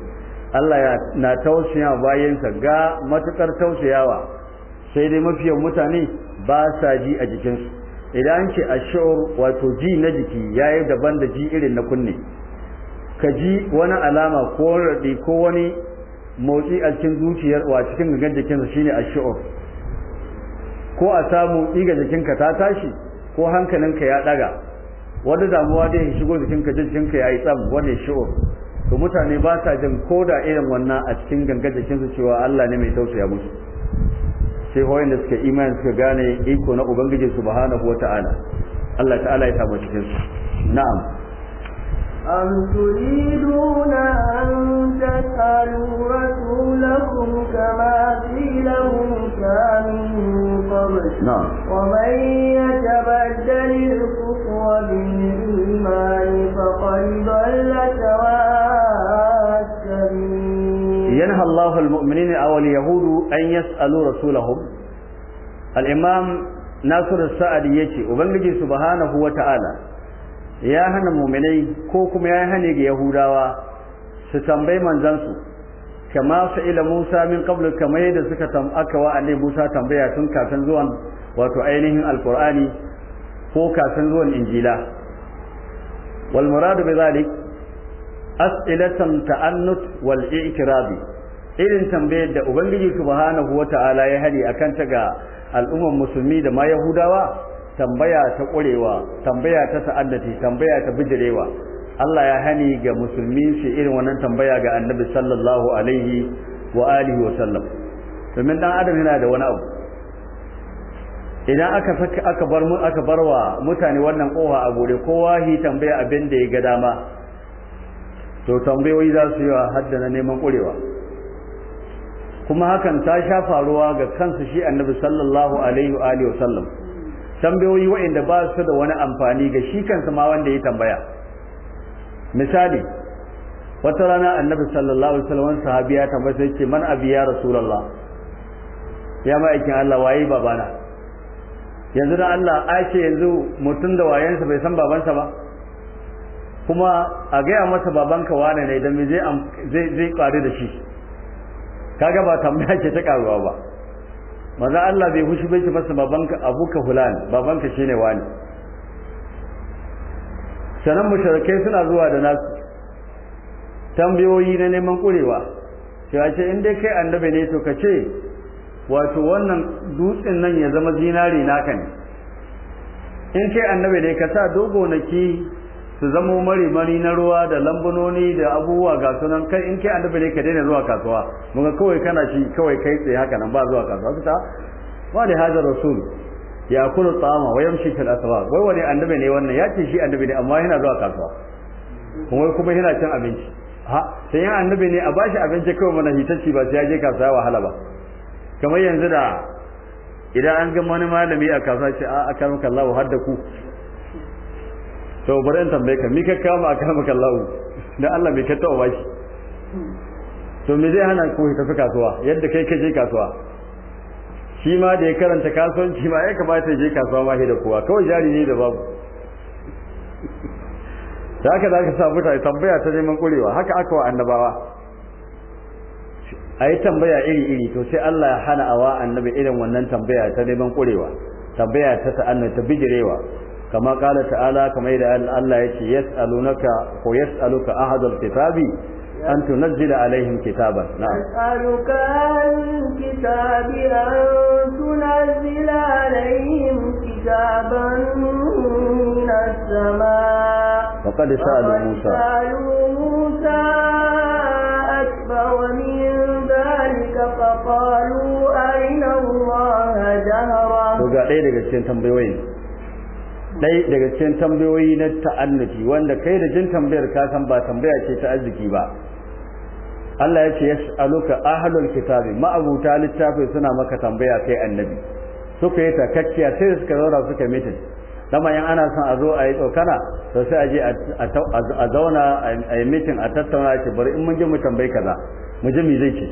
S1: Allah na tausaya bayansa ga matukar tausayawa sai dai mafiyan mutane ba sa ji a jikinsu idan ce ashur wato ji na jiki yayi daban da ji irin na kunne ka ji wani alama ko raɗi ko wani motsi a cikin zuciyar wa cikin gangan sa shine ashur ko a samu jikin jikinka ta tashi ko hankalinka ya ɗaga wani damuwa da ya shigo jikinka jikin ya yi tsam wani sha'ur to mutane ba sa jin ko da irin wannan a cikin gangar su cewa Allah ne mai tausaya musu sai hoyin da suka imani suka gane iko na ubangiji subhanahu wata'ala Allah ta'ala ya samu cikin su na'am
S2: am turiduna an tasalu rasulakum kama qilahum kanu qabl na'am wa man yatabaddal al-kufra bil-iman ينهى
S1: الله المؤمنين أو اليهود أن يسألوا رسولهم الإمام ناصر السعدي يتي وبنجي سبحانه وتعالى يا هنا مؤمني كوكم يا هنا يهودا ستنبي من زنسو كما سئل موسى من قبل كما يد سكتم أكوا أن موسى تنبيا تنكا تنزوان وتعينهم القرآن فوكا تنزوان إنجيلا والمراد بذلك أسئلة تأنت والإعتراض irin tambayar da ubangiji subhanahu wata'ala ya hari akan ta ga al'umman musulmi da ma yahudawa tambaya ta ƙurewa tambaya ta sa'adati tambaya ta bijirewa Allah ya hani ga musulmi shi irin wannan tambaya ga annabi sallallahu alaihi wa alihi wa sallam domin dan adam yana da wani abu idan aka aka bar mu barwa mutane wannan kowa a gure kowa hi tambaya abin da ya ga dama to tambayoyi za su yi wa haddana neman ƙurewa kuma hakan ta sha faruwa ga kansa shi annabi sallallahu alaihi wa alihi wasallam tambayoyi waɗanda ba su da wani amfani ga shi kansa ma wanda ya tambaya misali wata rana annabi sallallahu alaihi wasallam sahabiya tambaya sai ce man abi ya rasulullah ya ma'aikin Allah waye babana yanzu da Allah ace yanzu mutum da wayensa bai san babansa ba kuma a gaya masa babanka wane ne idan zai zai da shi kaga ba tambaya ce ta karuwa ba maza Allah bai hushi bai masa babanka abuka hulan babanka shine wani sanan musharakai suna zuwa da nasu tambayoyi na neman kurewa a ce in dai kai annabi ne to ka ce wato wannan dutsen nan ya zama zinari naka ne in kai annabi ne ka sa ki. su zamo mari na ruwa da lambunoni da abubuwa ga sunan kai in kai annabi ne ka daina zuwa kasuwa muga kawai kana shi kawai kai tsaye haka nan ba zuwa kasuwa ta wa da hada rasul ya kula tsama wa yamshi fil aswa wai wani annabi ne wannan ya ce shi annabi ne amma yana zuwa kasuwa kuma kuma yana cin abinci ha sai ya annabi ne a bashi abinci kawai mana hitacci ba sai ya je kasuwa wahala ba kamar yanzu da idan an ga wani malami a kasuwa ce a akaramka Allah haddaku ku to bari in tambaye ka mi ka kama a kama kallahu da Allah mai ka tawa baki to me zai hana ku tafi kasuwa yadda kai ka je kasuwa shi ma da ya karanta kasuwanci ma ya kamata ya je kasuwa ma da kowa kawai jari ne da babu da haka za ka sa mutane tambaya ta neman kurewa haka aka wa annabawa a yi tambaya iri-iri to sai Allah ya hana awa annabi irin wannan tambaya ta neman kurewa tambaya ta sa'annu ta bijirewa kama kala ta'ala kama yadda Allah ya ce yas'alunaka ko yas'aluka ahadul kitabi an tunazzila alaihim kitaban na'am
S2: yas'aluka kitabi an tunazzila alaihim kitaban minas samaa
S1: faqad sa'alu Musa
S2: sa'alu Musa akbar min dhalika faqalu arina Allah jahra to
S1: ga ɗaya daga cikin tambayoyin dai daga cikin tambayoyi na ta'annuti wanda kai da jin tambayar ka san ba tambaya ce ta arziki ba Allah ya ce yas'aluka ahlul kitabi ma'abuta littafi suna maka tambaya kai annabi suka yi takakkiya sai suka zo suka mitin dama yan ana son a zo a yi tsokana to sai a je a zauna a yi mitin a tattauna ce bari in mun je mu tambayi kaza mu je mi zai ce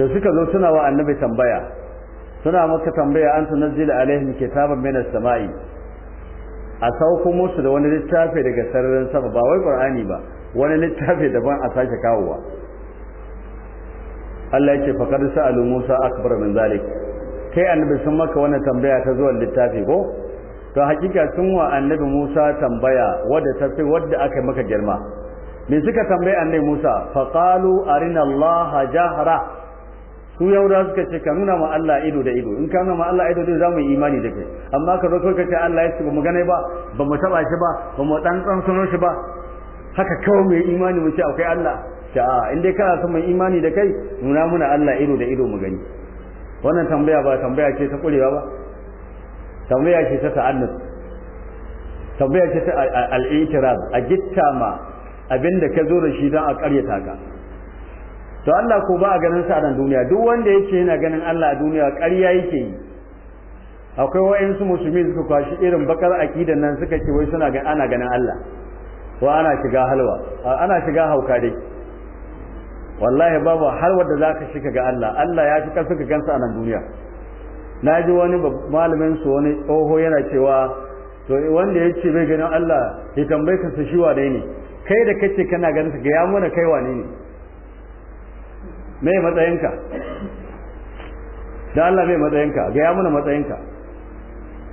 S1: to suka zo suna wa annabi tambaya suna maka tambaya an tunazzila alaihim kitaban minas sama'i a sauko musu da wani littafi daga sararin sama ba wai qur'ani ba wani littafi daban a sake kawowa Allah ya ce faqad sa'alu Musa akbar min zalik kai annabi sun maka wannan tambaya ta zuwa littafi ko to hakika sun wa annabi Musa tambaya wadda ta fi wadda aka maka girma me suka tambaye annabi Musa faqalu arina Allah jahra su yahudawa suka ce ka nuna ma Allah ido da ido in ka nuna ma Allah ido da za mu yi imani da kai amma ka zo ka ce Allah ya ce mu gane ba ba mu taba shi ba ba mu dan dan sano shi ba haka kawai mu imani mu ce akwai Allah ta a in dai kana son mai imani da kai nuna muna Allah ido da ido mu gani wannan tambaya ba tambaya ce ta kurewa ba tambaya ce ta ta'annus tambaya ce ta al itiraz a gitta ma abinda ka zo da shi dan a karyata ka to Allah ko ba a ganin sa a duniya duk wanda yake yana ganin Allah a duniya ƙarya yake yi akwai wayansu musulmi suka kwashi irin bakar akidan nan suka ce wai suna ana ganin Allah ko ana shiga halwa ana shiga hauka dai wallahi babu har wanda zaka shiga ga Allah Allah ya fi suka ka gansa a nan duniya na ji wani malamin su wani tsoho yana cewa to wanda ya ce bai ganin Allah ya tambaye ka su shi wane ne kai da kace kana ganin ka ya mana kai wane ne me matsayinka da Allah me matsayinka ga ya muna matsayinka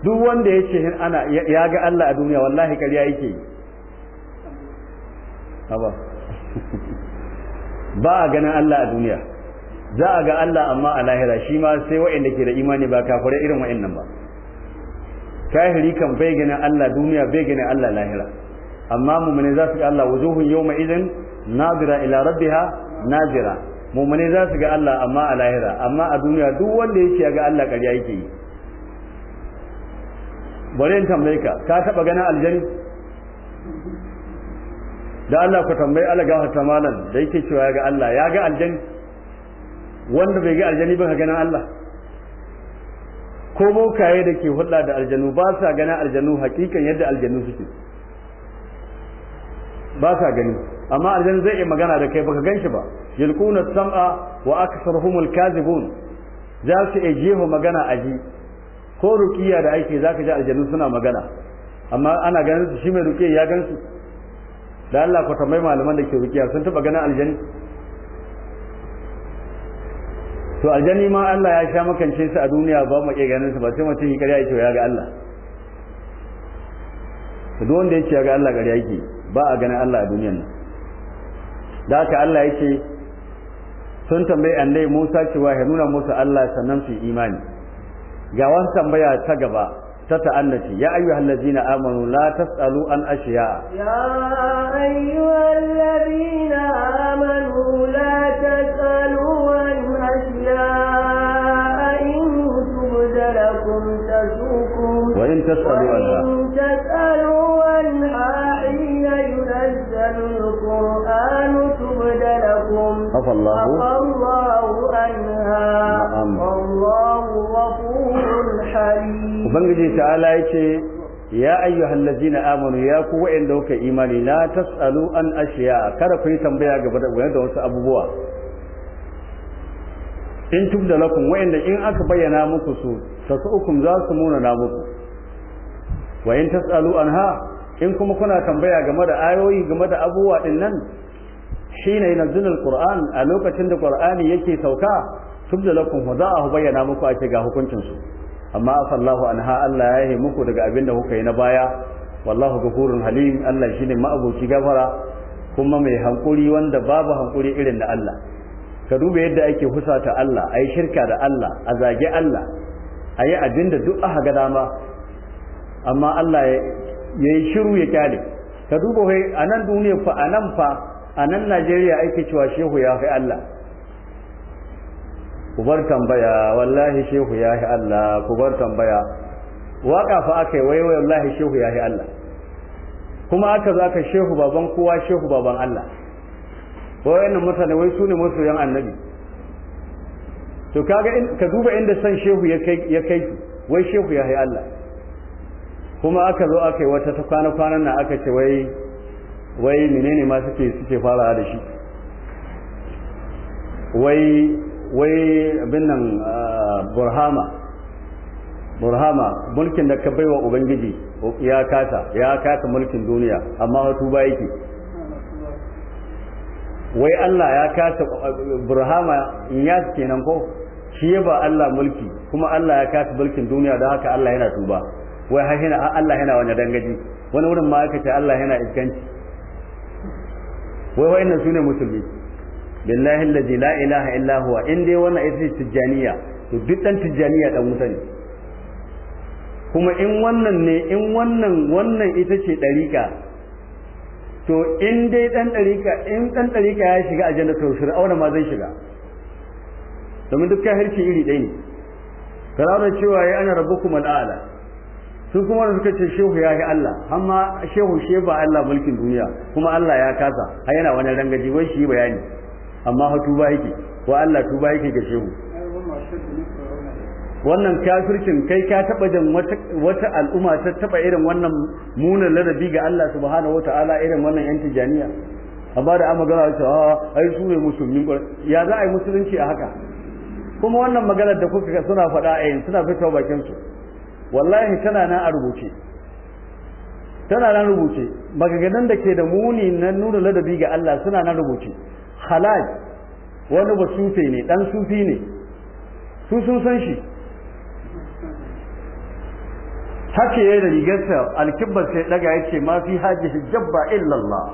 S1: duk wanda ya ce ana ya ga Allah a duniya wallahi kariya yake yi ba a ganin Allah a duniya za a ga Allah amma a lahira shi ma sai wa'anda ke da imani ba kafirai irin nan ba kafiri kan bai ganin Allah duniya bai ganin Allah lahira amma mu'mini za su ga Allah wuzuhun yawma idin nazira ila rabbiha nazira mummune za su ga Allah amma a lahira amma a duniya duk wanda yake ya ga Allah ƙarya yake yi bari in tambaye ka ka taɓa ganin aljani da Allah ku tambayi Allah ga hata malam da yake cewa ya ga Allah ya ga aljani wanda bai ga aljani ba ka ganin Allah ko bokaye da ke hulɗa da aljanu ba sa ganin aljanu hakikan yadda aljanu suke ba sa gani amma aljanu zai iya magana da kai baka gan shi ba yulquna sam'a wa aktharuhum alkazibun za su ejeho magana aji ko ruqiya da ake zaka ji aljannu suna magana amma ana ganin su shi mai ruqiya ya gan su da Allah ko tambayi malaman da ke ruqiya sun taba ganin aljannu to aljanni ma Allah ya sha makance su a duniya ba mu iya ganin su ba sai mutum yi ƙarya yake ya ga Allah to duk wanda yake ya ga Allah ƙarya yake ba a ganin Allah a duniyar nan da haka Allah yake sun tambayi annabi Musa cewa ya nuna musu Allah sannan su imani ga wani tambaya ta gaba ta ta'annaci ya ayyuha allazina amanu la tasalu an ashiya
S2: ya ayyuha allazina amanu la tasalu an ashiya in tubdalakum tasukum wa in tasalu anha ubangiji القرآن تبد لكم عفى الله عفى الله عنها نعم والله غفور حليم
S1: وبنجي تعالى يتي يا أيها الذين آمنوا يا لا تسألوا عن أشياء تنبيا قبل in aka bayyana muku su tasu'ukum za su muna na muku wa in tas'alu in kuma kuna tambaya game da ayoyi game da abubuwa din nan shine yanzilul qur'an a lokacin da qur'ani yake sauka tubda lakum hudahu bayyana muku ake ga hukuncin su amma afallahu anha Allah ya yi muku daga abin da kuka yi na baya wallahu ghafurun halim Allah shine ma'abuci gafara kuma mai hankuri wanda babu hankuri irin da Allah ka duba yadda ake husata Allah ayi shirka da Allah a zage Allah ayi abin da duk aka ga dama amma Allah ya. ya yi shiru ya kyale ka duba wai a nan duniya fa a nan fa a nan najeriya ake cewa shehu ya fi allah ku bar tambaya wallahi shehu ya fi allah ku bar tambaya waka fa aka yi waiwai wallahi shehu ya fi allah kuma aka za ka shehu baban kowa shehu baban allah wayannan mutane wai su ne masoyan annabi to kaga ka duba inda san shehu ya kai ya kai wai shehu ya fi allah kuma aka zo aka yi wata ta kwana kwanan nan aka ce wai wai menene ma suke suke fara da shi wai wai abin nan ah, burhama burhama mulkin da ka baiwa ubangiji ya kasa ya kasa mulkin duniya amma hatu ba yake wai Allah ya kasa burhama in ya kenan ko shi ba Allah mulki kuma Allah ya kasa mulkin duniya don haka Allah yana tuba wai har yana Allah yana wani dangaji wani wurin ma aka ce Allah yana iskanci wai wa'annan sune musulmi billahi allazi la ilaha illa huwa in dai wannan ita tijjaniya to duk dan tijjaniya dan wuta ne kuma in wannan ne in wannan wannan ita ce dariƙa to in dai dan dariƙa in dan dariƙa ya shiga aljanna to auna ma zai shiga domin duk kafirci iri ɗaya ne fir'auna cewa ya ana rabbukum al'ala su kuma da suka ce shehu ya yi Allah amma shehu she ba Allah mulkin duniya kuma Allah ya kasa har yana wani rangaji wai shi bayani amma ha tuba yake wa Allah tuba yake ga shehu wannan kafircin kai ka taba jin wata al'umma ta taba irin wannan munan ladabi ga Allah subhanahu wataala irin wannan yan tijaniya amma da amma magana ta ai su ne musulmi ya za a yi musulunci a haka kuma wannan magana da kuka suna faɗa a yin suna fitowa bakin su wallahi tana nan a rubuce tana nan rubuce magaganan da ke da muni na nuna ladabi ga Allah suna nan rubuce halal wani ba sufe ne dan sufi ne su sun san shi haka yayi da rigarsa alkibbar sai daga yace ma fi hajji hijabba illa Allah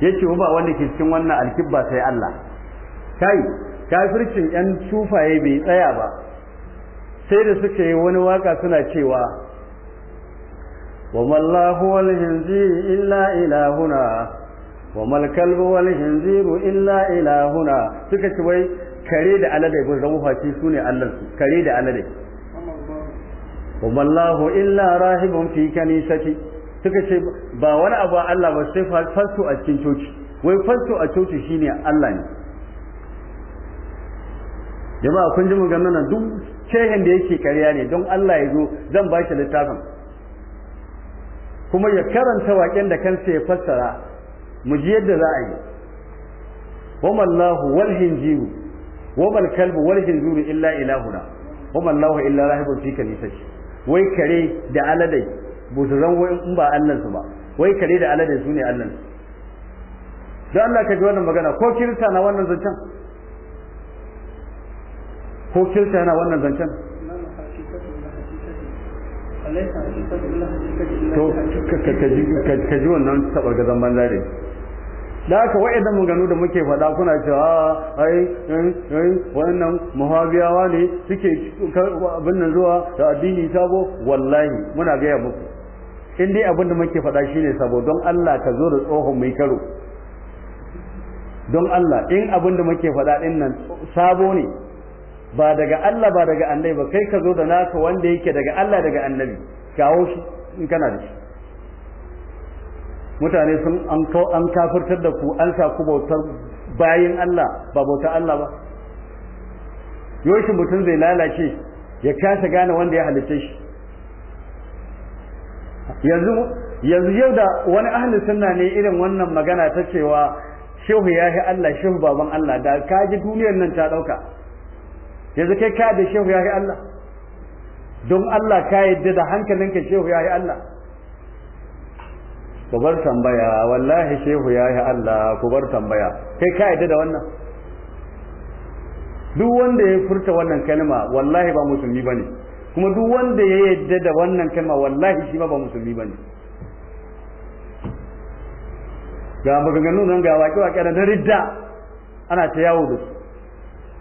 S1: yace ba wanda ke cikin wannan alkibba sai Allah kai kafircin yan sufaye bai tsaya ba sai da suka yi wani waka suna cewa wa mallahu wal hinzi illa ilahuna wa mal kalbu wal hinzi illa ilahuna suka ce wai kare da alade bin zama faci sune Allah kare da alade wa mallahu illa rahibun fi kanisati suka ce ba wani abu a Allah ba sai fasu a cikin coci wai fasu a coci shine Allah ne jama'a kun ji ganna nan duk shehin da yake karya ne don Allah ya zo zan ba shi littafin kuma ya karanta waƙen da kansa ya fassara mu ji yadda za a yi wama Allahu wal hinjiru wama kalbu wal hinjiru illa ilahuna wama Allahu illa rahibun fi kanisati wai kare da aladai zan wai in ba Allah su ba wai kare da aladai su ne Allah don Allah ka ji wannan magana ko kirista na wannan zancen ko kirta yana wannan zancen to ka ji wannan tabar gazan banza ne da haka wa'idan ganu da muke faɗa kuna cewa ah, ai ai wannan muhabiyawa ne suke abin nan zuwa da addini sabo wallahi muna gaya muku in dai abin da muke faɗa ne sabo don Allah ka zo da tsohon mai karo don Allah in abin da muke faɗa ɗin nan sabo ne ba daga Allah ba daga annabi ba kai ka zo da naka wanda yake daga Allah daga annabi kawo shi in kana da shi mutane sun an an kafirtar da ku an sa ku bautar bayin Allah ba bautar Allah ba yoshi mutum zai lalace ya kasa gane wanda ya halitta shi yanzu yanzu yau da wani ahli sunna ne irin wannan magana ta cewa shehu yahi Allah shehu baban Allah da kaji duniyar nan ta dauka yanzu kai ka da shehu ya yi Allah don Allah ka yadda da hankalinka shehu ya yi Allah ku bar tambaya wallahi shehu ya yi Allah ku bar tambaya kai ka yadda da wannan duk wanda ya furta wannan kalma wallahi ba musulmi bane kuma duk wanda ya yadda da wannan kalma wallahi shi ma ba musulmi bane ga maganganu nan ga waƙe-waƙe na ridda ana ta yawo da su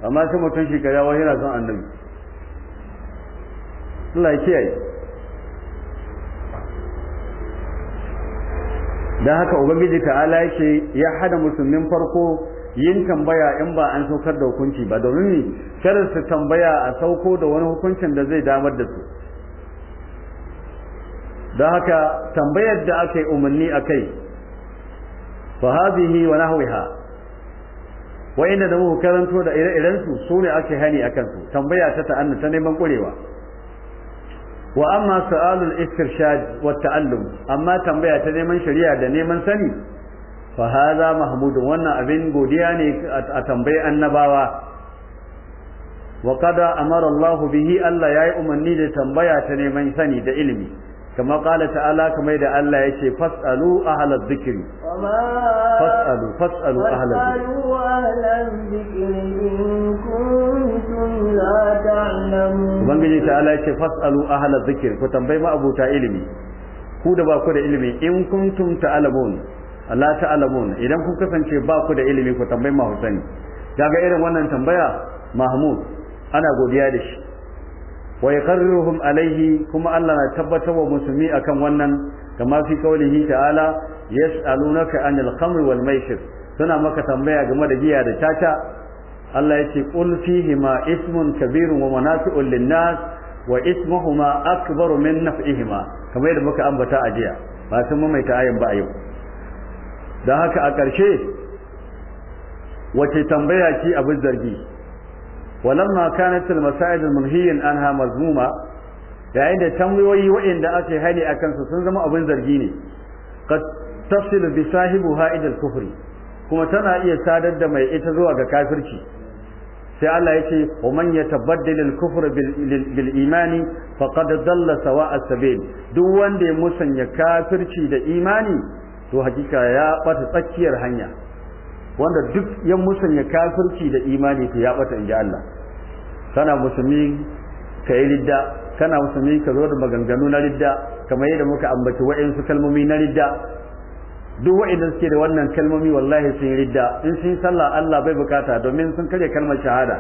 S1: amma sai mutum shi kaza wani yana son annabi Allah ya kiyaye dan haka ubangiji ta'ala yake ya hada musulmin farko yin tambaya in ba an saukar da hukunci ba domin kada su tambaya a sauko da wani hukuncin da zai damar da su dan haka tambayar da aka yi umarni a kai fa hadhihi wa nahwiha wa'inda da muka karanto da ire-irensu su ne ake hani a kansu tambaya ta ta'anna ta neman ƙurewa wa amma su'alul istirshad wa ta'allum amma tambaya ta neman shari'a da neman sani fa hadha mahmudun wannan abin godiya ne a tambayi annabawa wa qada amara Allah bihi Allah yayi umarni da tambaya ta neman sani da ilimi kama qala ala kama da Allah ya yace fasalu ahlal dhikri fasalu fasalu ahlal
S2: dhikri
S1: ubangiji ya ce fasalu ahlal dhikri ku tambayi ma abuta ilimi ku da ba ku da ilimi in kuntum ta'lamun Allah ta'lamun idan kun kasance ba ku da ilimi ku tambayi ma Husaini kaga irin wannan tambaya Mahmud ana godiya da shi wa yaqarruhum alaihi kuma Allah na tabbatar wa musulmi akan wannan kama fi qaulihi ta'ala yas'alunaka anil khamri wal maisir suna maka tambaya game da giya da caca Allah yace qul fihi ma ismun kabirun wa manafi'un lin-nas wa ismuhuma akbaru min naf'ihima kamar yadda muka ambata a jiya ba sun mamaita ayin ba yau don haka a ƙarshe wace tambaya ki abin zargi walamma kanat al-masaid al-munhiyan anha mazmuma yayin da tambayoyi waɗanda ake hani a kansu sun zama abin zargi ne qad tafsil bi sahibu ila kufuri, kuma tana iya sadar da mai ita zuwa ga kafirci sai Allah ya ce wa manya ta al-kufr bil imani faqad dalla sawa as-sabil duk wanda ya musanya kafirci da imani to hakika ya ɓata tsakiyar hanya wanda duk ya musanya kafirci da imani ta ya bata inji Allah kana musulmi ka yi ridda kana musulmi ka zo da maganganu na ridda kamar yadda muka ambaci su kalmomi na ridda duk wa'inda suke da wannan kalmomi wallahi sun ridda in sun sallah Allah bai bukata domin sun karya kalmar shahada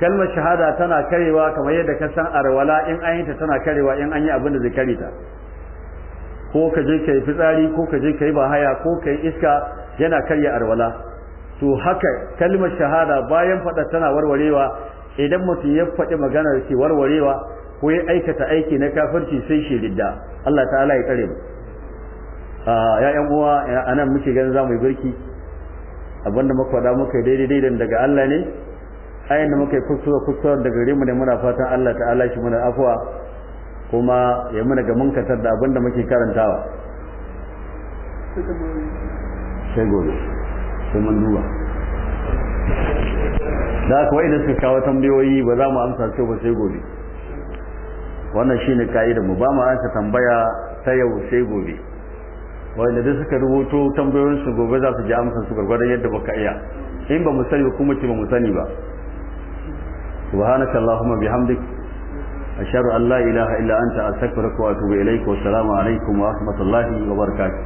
S1: kalmar shahada tana karewa kamar yadda ka san arwala in an yi ta tana karewa in an yi abin da zai kare ta ko ka je ka yi fitsari ko ka je ka yi bahaya ko ka yi iska yana karya arwala to haka kalmar shahada bayan faɗa tana warwarewa idan mutum ya faɗi maganar ke warwarewa ko ya aikata aiki na kafirci sai shi ridda Allah ta'ala ya tsare mu ah, ya yan uwa anan muke ganin zamu yi birki abinda muka faɗa muka daidai daidan daga Allah ne ayin da muka yi kuskure kuskure daga gare mu ne muna fatan Allah ta'ala shi muna afuwa, kuma ya muna ga munkatar da abinda muke karantawa sai gobe sai man duba da aka da suka kawo tambayoyi ba za mu amsa sai ba sai gobe wannan shine ka'idar mu ba mu amsa tambaya ta yau sai gobe wanda da suka rubuto tambayoyin su gobe za su ji amsa su gwargwadon yadda baka iya in ba mu sani kuma ce ba mu sani ba subhanaka allahumma bihamdik ashhadu an la ilaha illa anta astaghfiruka wa atubu ilaik wa assalamu alaikum wa rahmatullahi wa barakatuh